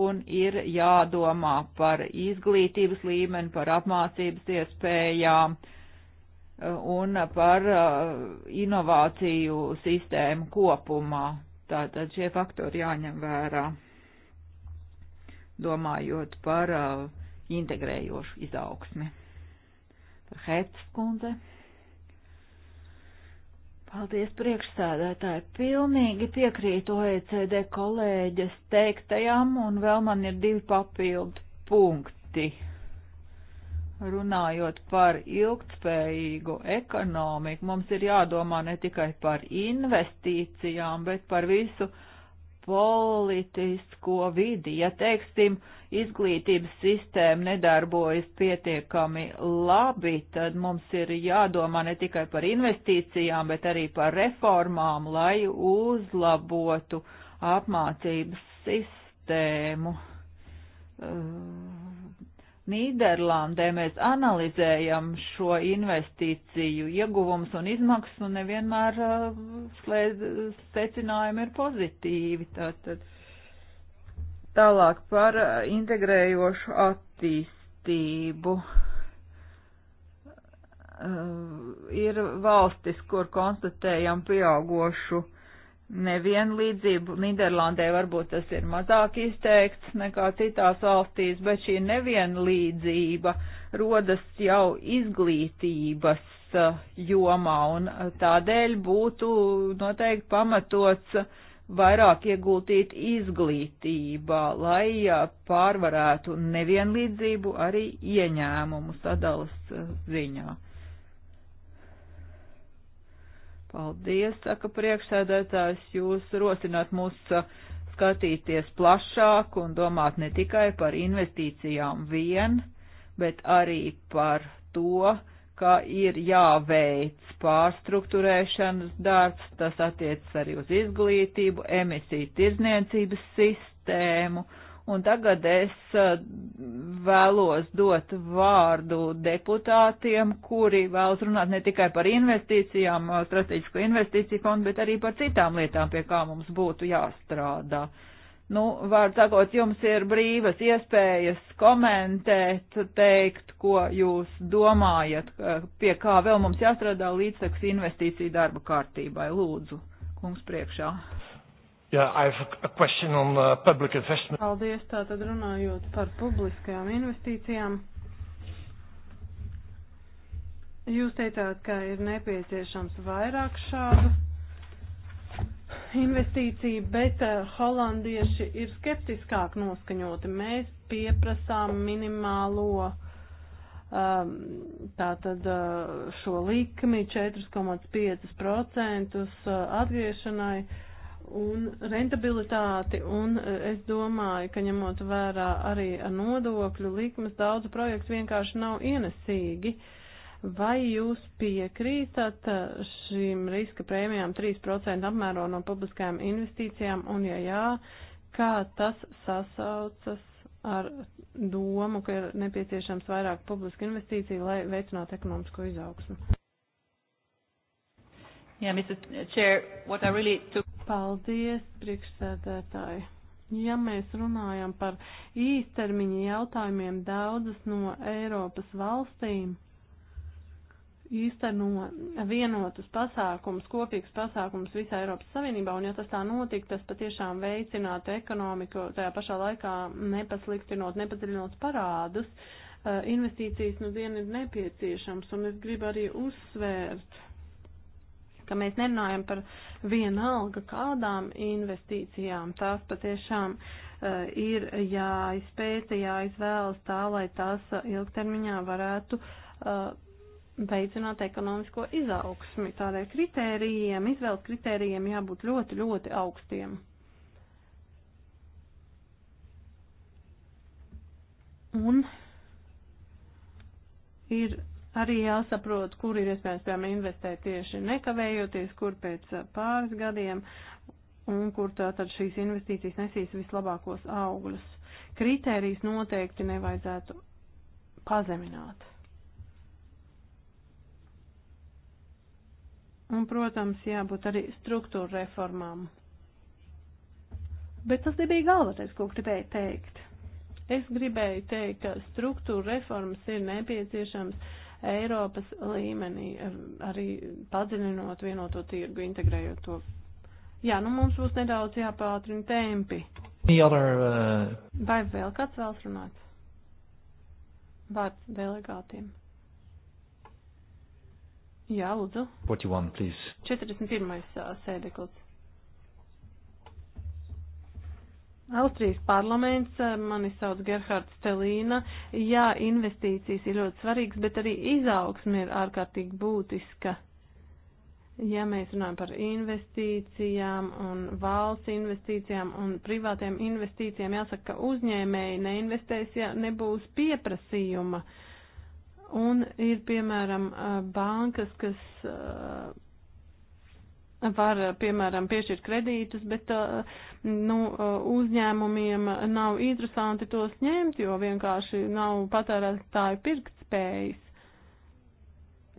un ir jādomā par izglītības līmeni, par apmācības iespējām, uh, un par uh, inovāciju sistēmu kopumā. Tātad šie faktori jāņem vērā, domājot par uh, integrējošu izaugsmi. Par Hets kundze. Paldies priekšsēdētāji. Pilnīgi piekrītu OECD kolēģes teiktajam, un vēl man ir divi papildu punkti runājot par ilgtspējīgu ekonomiku, mums ir jādomā ne tikai par investīcijām, bet par visu politisko vidi. Ja, teiksim, izglītības sistēma nedarbojas pietiekami labi, tad mums ir jādomā ne tikai par investīcijām, bet arī par reformām, lai uzlabotu apmācības sistēmu. Uh Nīderlandē mēs analizējam šo investīciju ieguvums un izmaksas, un nevienmēr uh, slēd, secinājumi ir pozitīvi. Tātad. Tālāk par uh, integrējošu attīstību. Uh, ir valstis, kur konstatējam pieaugošu nevienlīdzību. Nīderlandē varbūt tas ir mazāk izteikts nekā citās valstīs, bet šī nevienlīdzība rodas jau izglītības eh, jomā un eh, tādēļ būtu noteikti pamatots vairāk ieguldīt izglītībā, lai eh, pārvarētu nevienlīdzību arī ieņēmumu sadalas ziņā. Paldies, saka priekšsēdētājs, jūs rosināt mūs uh, skatīties plašāk un domāt ne tikai par investīcijām vien, bet arī par to, ka ir jāveic pārstruktūrēšanas darbs, tas attiecas arī uz izglītību, emisiju tirzniecības sistēmu, uh, Un tagad es uh, vēlos dot vārdu deputātiem, kuri vēlas runāt ne tikai par investīcijām, uh, strateģisko investīciju fondu, bet arī par citām lietām, pie kā mums būtu jāstrādā. Nu, vārds sakot, jums ir brīvas iespējas komentēt, teikt, ko jūs domājat, uh, pie kā vēl mums jāstrādā līdzsaks investīciju darba kārtībai. Lūdzu, kungs priekšā. Yeah, I have a question on uh, public investment. Paldies, tātad runājot par publiskajām investīcijām. Jūs teicāt, ka ir nepieciešams vairāk šādu investīciju, bet uh, holandieši ir skeptiskāk noskaņoti. Mēs pieprasām minimālo um, tātad uh, šo likmi 4,5% uh, atgriešanai un rentabilitāti, un e, es domāju, ka ņemot vērā arī nodokļu likmes, daudzu projektu vienkārši nav ienesīgi. Vai jūs piekrītat e, šīm riska prēmijām 3% apmēro no publiskajām investīcijām, un ja jā, kā tas sasaucas ar domu, ka ir nepieciešams vairāk publisku investīciju, lai veicinātu ekonomisko izaugsmu? Yeah, Mr. Chair, what I really took... Paldies, priekšsēdētāji. Ja mēs runājam par īstermiņa jautājumiem daudzas no Eiropas valstīm, īsteno vienotus pasākums, kopīgs pasākums visā Eiropas Savienībā, un ja tas tā notiktu, tas patiešām veicinātu ekonomiku, tajā pašā laikā nepasliktinot, nepadziļinot parādus, eh, investīcijas nu no dienu ir nepieciešams, un es gribu arī uzsvērt ka mēs nerunājam par vienalga kādām investīcijām. Tās patiešām uh, ir jāizpēta, jāizvēlas tā, lai tās eh, ilgtermiņā varētu uh, veicināt ekonomisko izaugsmi. Tādēļ kritērijiem, izvēles kritērijiem jābūt ļoti, ļoti augstiem. Un ir Arī jāsaprot, kur ir iespējams, piemēram, investēt tieši nekavējoties, kur pēc pāris gadiem un kur tātad šīs investīcijas nesīs vislabākos augļus. Kritērijas noteikti nevajadzētu pazemināt. Un, protams, jābūt arī struktūra reformām. Bet tas nebija galvenais, ko gribēju teikt. Es gribēju teikt, ka struktūra reformas ir nepieciešams Eiropas līmenī, eh, arī padziļinot vienoto tirgu, integrējot to. Jā, nu mums būs nedaudz jāpātrina tempi. Uh, Vai vēl kāds vēlas runāt? Vārds delegātiem. Jā, lūdzu. 41, please. 41. Uh, sēdeklis. Austrijas parlaments, eh, mani sauc Gerhards Telīna, jā, investīcijas ir ļoti svarīgas, bet arī izaugsme ir ārkārtīgi būtiska. Ja mēs runājam par investīcijām un valsts investīcijām un privātiem investīcijām, jāsaka, ka uzņēmēji neinvestēs, ja nebūs pieprasījuma. Un ir, piemēram, eh, bankas, kas eh, var, eh, piemēram, piešķirt kredītus, bet eh, nu, eh, uzņēmumiem nav interesanti tos ņemt, jo vienkārši nav patērētāju pirktspējas.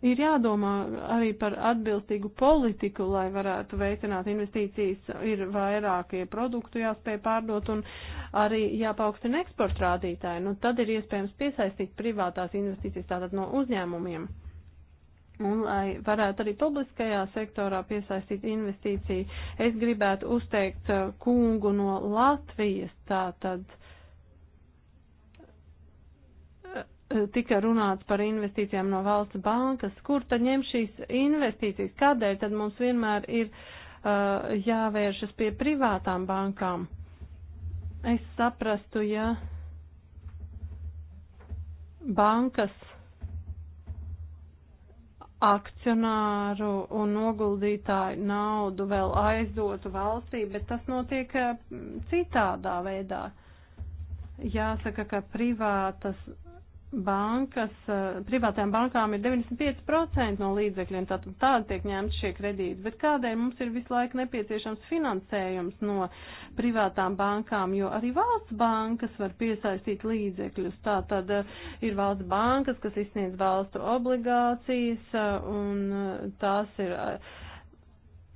Ir jādomā arī par atbilstīgu politiku, lai varētu veicināt investīcijas, ir vairākie produktu jāspēj pārdot un arī jāpaukstina eksporta rādītāji. Nu, tad ir iespējams piesaistīt privātās investīcijas tātad no uzņēmumiem un lai varētu arī publiskajā sektorā piesaistīt investīciju. Es gribētu uzteikt uh, kungu no Latvijas, tā tad uh, tika runāts par investīcijām no valsts bankas, kur tad ņem šīs investīcijas, kādēļ tad mums vienmēr ir uh, jāvēršas pie privātām bankām. Es saprastu, ja bankas akcionāru un noguldītāju naudu vēl aizdotu valstī, bet tas notiek eh, citādā veidā. Jāsaka, ka privātas bankas, eh, privātajām bankām ir 95% no līdzekļiem, tātad tāda tiek ņemta šie kredīti, bet kādēļ mums ir visu laiku nepieciešams finansējums no privātām bankām, jo arī valsts bankas var piesaistīt līdzekļus, tātad eh, ir valsts bankas, kas izsniedz valstu obligācijas, eh, un tās ir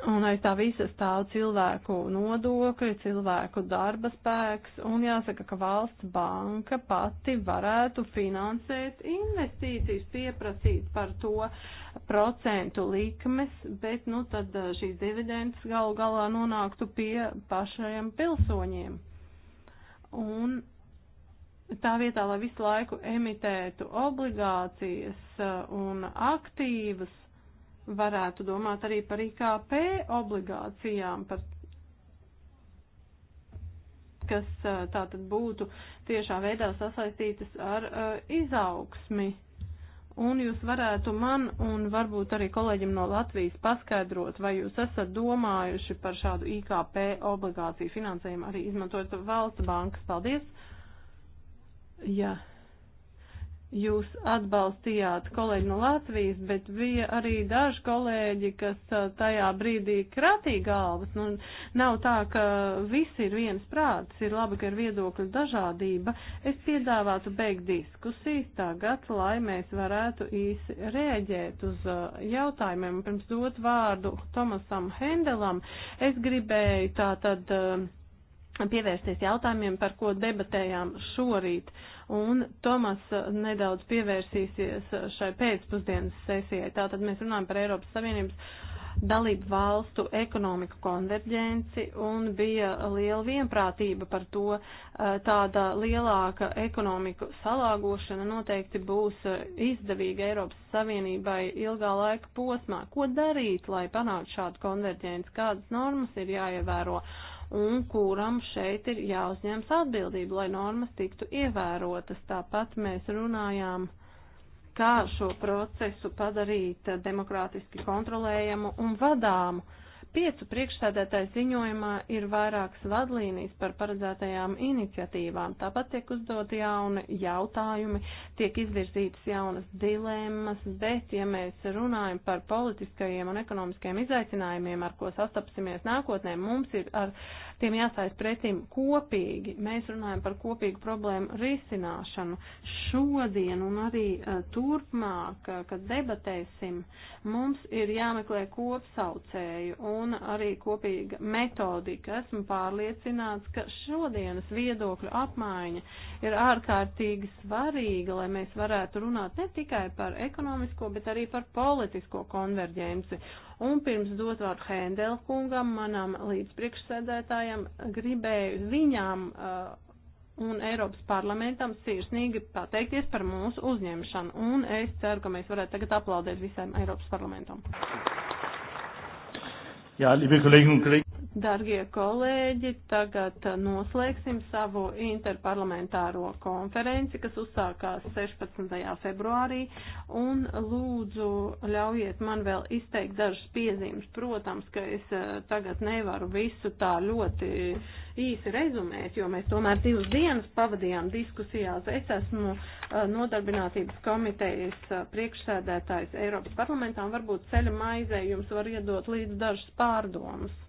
Un aiz tā visa stāv cilvēku nodokļi, cilvēku darba spēks, un jāsaka, ka valsts banka pati varētu finansēt investīcijas, pieprasīt par to procentu likmes, bet nu tad šīs dividendes galu galā nonāktu pie pašiem pilsoņiem. Un tā vietā, lai visu laiku emitētu obligācijas un aktīvas, varētu domāt arī par IKP obligācijām, par, kas tātad būtu tiešā veidā sasaistītas ar uh, izaugsmi. Un jūs varētu man un varbūt arī kolēģim no Latvijas paskaidrot, vai jūs esat domājuši par šādu IKP obligāciju finansējumu arī izmantojot valsts bankas. Paldies! Jā. Yeah jūs atbalstījāt kolēģi no Latvijas, bet bija arī daži kolēģi, kas uh, tajā brīdī kratīja galvas. Nu, nav tā, ka visi ir viens prāts, ir labi, ka ir viedokļu dažādība. Es piedāvātu beigt diskusijas tagad, lai mēs varētu īsi rēģēt uz uh, jautājumiem. Pirms dot vārdu Tomasam Hendelam, es gribēju tā tad. Uh, pievērsties jautājumiem, par ko debatējām šorīt, un Tomas eh, nedaudz pievērsīsies eh, šai pēcpusdienas sesijai. Tātad mēs runājam par Eiropas Savienības dalību valstu ekonomiku konverģenci un bija liela vienprātība par to, eh, tāda lielāka ekonomiku salāgošana noteikti būs izdevīga Eiropas Savienībai ilgā laika posmā. Ko darīt, lai panāktu šādu konverģenci, kādas normas ir jāievēro? un kuram šeit ir jāuzņems atbildība, lai normas tiktu ievērotas. Tāpat mēs runājām, kā šo procesu padarīt demokrātiski kontrolējumu un vadāmu piecu priekšsēdētāju ziņojumā ir vairākas vadlīnijas par paredzētajām iniciatīvām. Tāpat tiek uzdot jauni jautājumi, tiek izvirzītas jaunas dilemmas, bet ja mēs runājam par politiskajiem un ekonomiskajiem izaicinājumiem, ar ko sastapsimies nākotnē, mums ir ar uh, Tiem jāstājas pretim kopīgi. Mēs runājam par kopīgu problēmu risināšanu šodien un arī uh, turpmāk, eh, kad debatēsim. Mums ir jāmeklē kopsaucēju un arī kopīga metodika. Esmu pārliecināts, ka šodienas viedokļu apmaiņa ir ārkārtīgi svarīga, lai mēs varētu runāt ne tikai par ekonomisko, bet arī par politisko konverģenci Un pirms dot vārdu Hēndel kungam, manam līdzpriekšsēdētājam, gribēju viņām uh, un Eiropas parlamentam sirsnīgi pateikties par mūsu uzņemšanu. Un es ceru, ka mēs varētu tagad aplaudēt visiem Eiropas parlamentam. Jā, liebe Kolleginnen und Kollegen. Dargie kolēģi, tagad noslēgsim savu interparlamentāro konferenci, kas uzsākās 16. februārī, un lūdzu ļaujiet man vēl izteikt dažas piezīmes. Protams, ka es eh, tagad nevaru visu tā ļoti īsi rezumēt, jo mēs tomēr divas dienas pavadījām diskusijās. Es esmu eh, nodarbinātības komitejas eh, priekšsēdētājs Eiropas parlamentā, un varbūt ceļa maizē jums var iedot līdz dažas pārdomas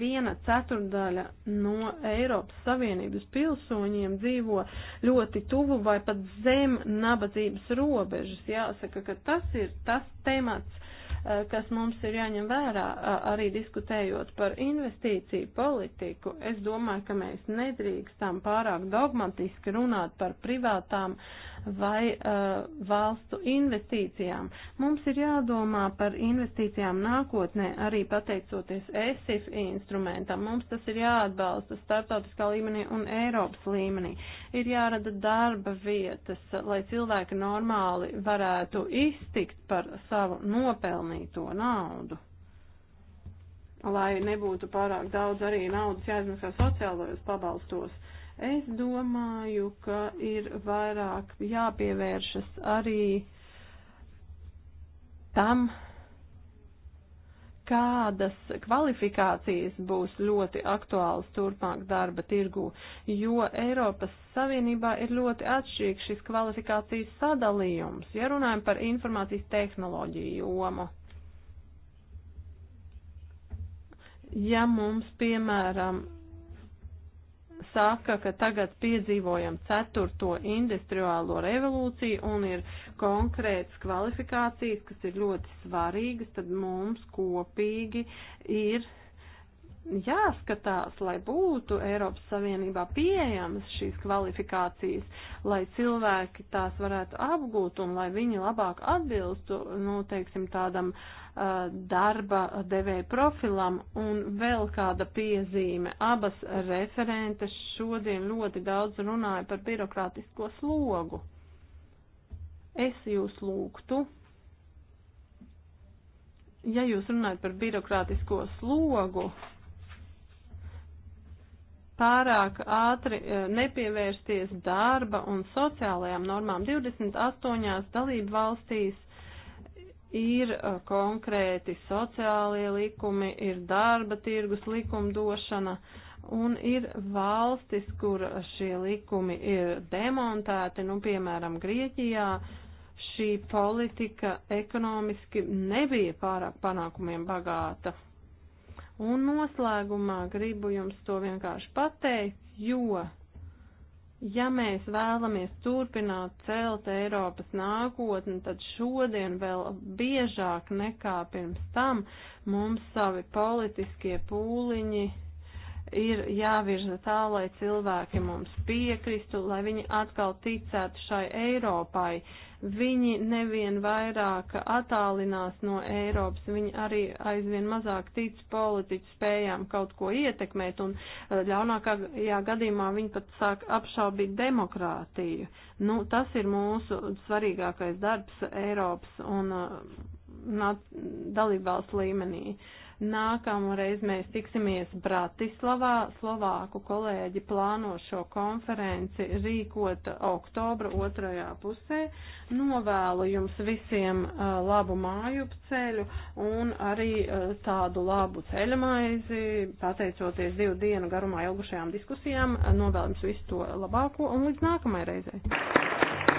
viena ceturdaļa no Eiropas Savienības pilsoņiem dzīvo ļoti tuvu vai pat zem nabadzības robežas. Jāsaka, ka tas ir tas temats, eh, kas mums ir jāņem vērā arī diskutējot par investīciju politiku. Es domāju, ka mēs nedrīkstam pārāk dogmatiski runāt par privātām uh, vai uh, valstu investīcijām. Mums ir jādomā par investīcijām nākotnē, arī pateicoties ESIF instrumentam. Mums tas ir jāatbalsta starptautiskā līmenī un Eiropas līmenī. Ir jārada darba vietas, lai cilvēki normāli varētu iztikt par savu nopelnīto naudu lai nebūtu pārāk daudz arī naudas jāizmaksā sociālajos pabalstos. Uh, Es domāju, ka ir vairāk jāpievēršas arī tam, kādas kvalifikācijas būs ļoti aktuālas turpmāk darba tirgū, jo Eiropas Savienībā ir ļoti atšķirīgs šis kvalifikācijas sadalījums, ja runājam par informācijas tehnoloģiju jomu. Ja mums, piemēram, saka, ka tagad piedzīvojam ceturto industriālo revolūciju un ir konkrētas kvalifikācijas, kas ir ļoti svarīgas, tad mums kopīgi ir jāskatās, lai būtu Eiropas Savienībā pieejamas šīs kvalifikācijas, lai cilvēki tās varētu apgūt un lai viņi labāk atbilstu, nu, teiksim, tādam uh, darba devēja profilam. Un vēl kāda piezīme. Abas referentes šodien ļoti daudz runāja par birokrātisko slogu. Es jūs lūgtu ja jūs runājat par birokrātisko slogu, pārāk ātri e, nepievērsties darba un sociālajām normām. 28 dalību valstīs ir e, konkrēti sociālie likumi, ir darba tirgus likumdošana. Un ir valstis, kur šie likumi ir demontēti, nu, piemēram, Grieķijā, šī politika ekonomiski nebija pārāk panākumiem bagāta. Un noslēgumā gribu jums to vienkārši pateikt, jo, ja mēs vēlamies turpināt celt Eiropas nākotni, tad šodien vēl biežāk nekā pirms tam mums savi politiskie pūliņi ir jāvirza tā, lai cilvēki mums piekristu, lai viņi atkal ticētu šai Eiropai. Uh, Viņi nevien vairāk attālinās no Eiropas, viņi arī aizvien mazāk tic politiķu spējām kaut ko ietekmēt, un eh, ļaunākajā gadījumā viņi pat sāk apšaubīt demokrātiju. Nu, tas ir mūsu svarīgākais darbs Eiropas un eh, dalībvalsts līmenī. Uh, Nākamreiz mēs tiksimies Bratislavā. Slovāku kolēģi plāno šo konferenci rīkot oktobra otrajā pusē. Novēlu jums visiem uh, labu māju ceļu un arī uh, tādu labu ceļamaizi, pateicoties divu dienu garumā ilgušajām diskusijām. Uh, novēlu jums visu to labāko un līdz nākamajai reizei.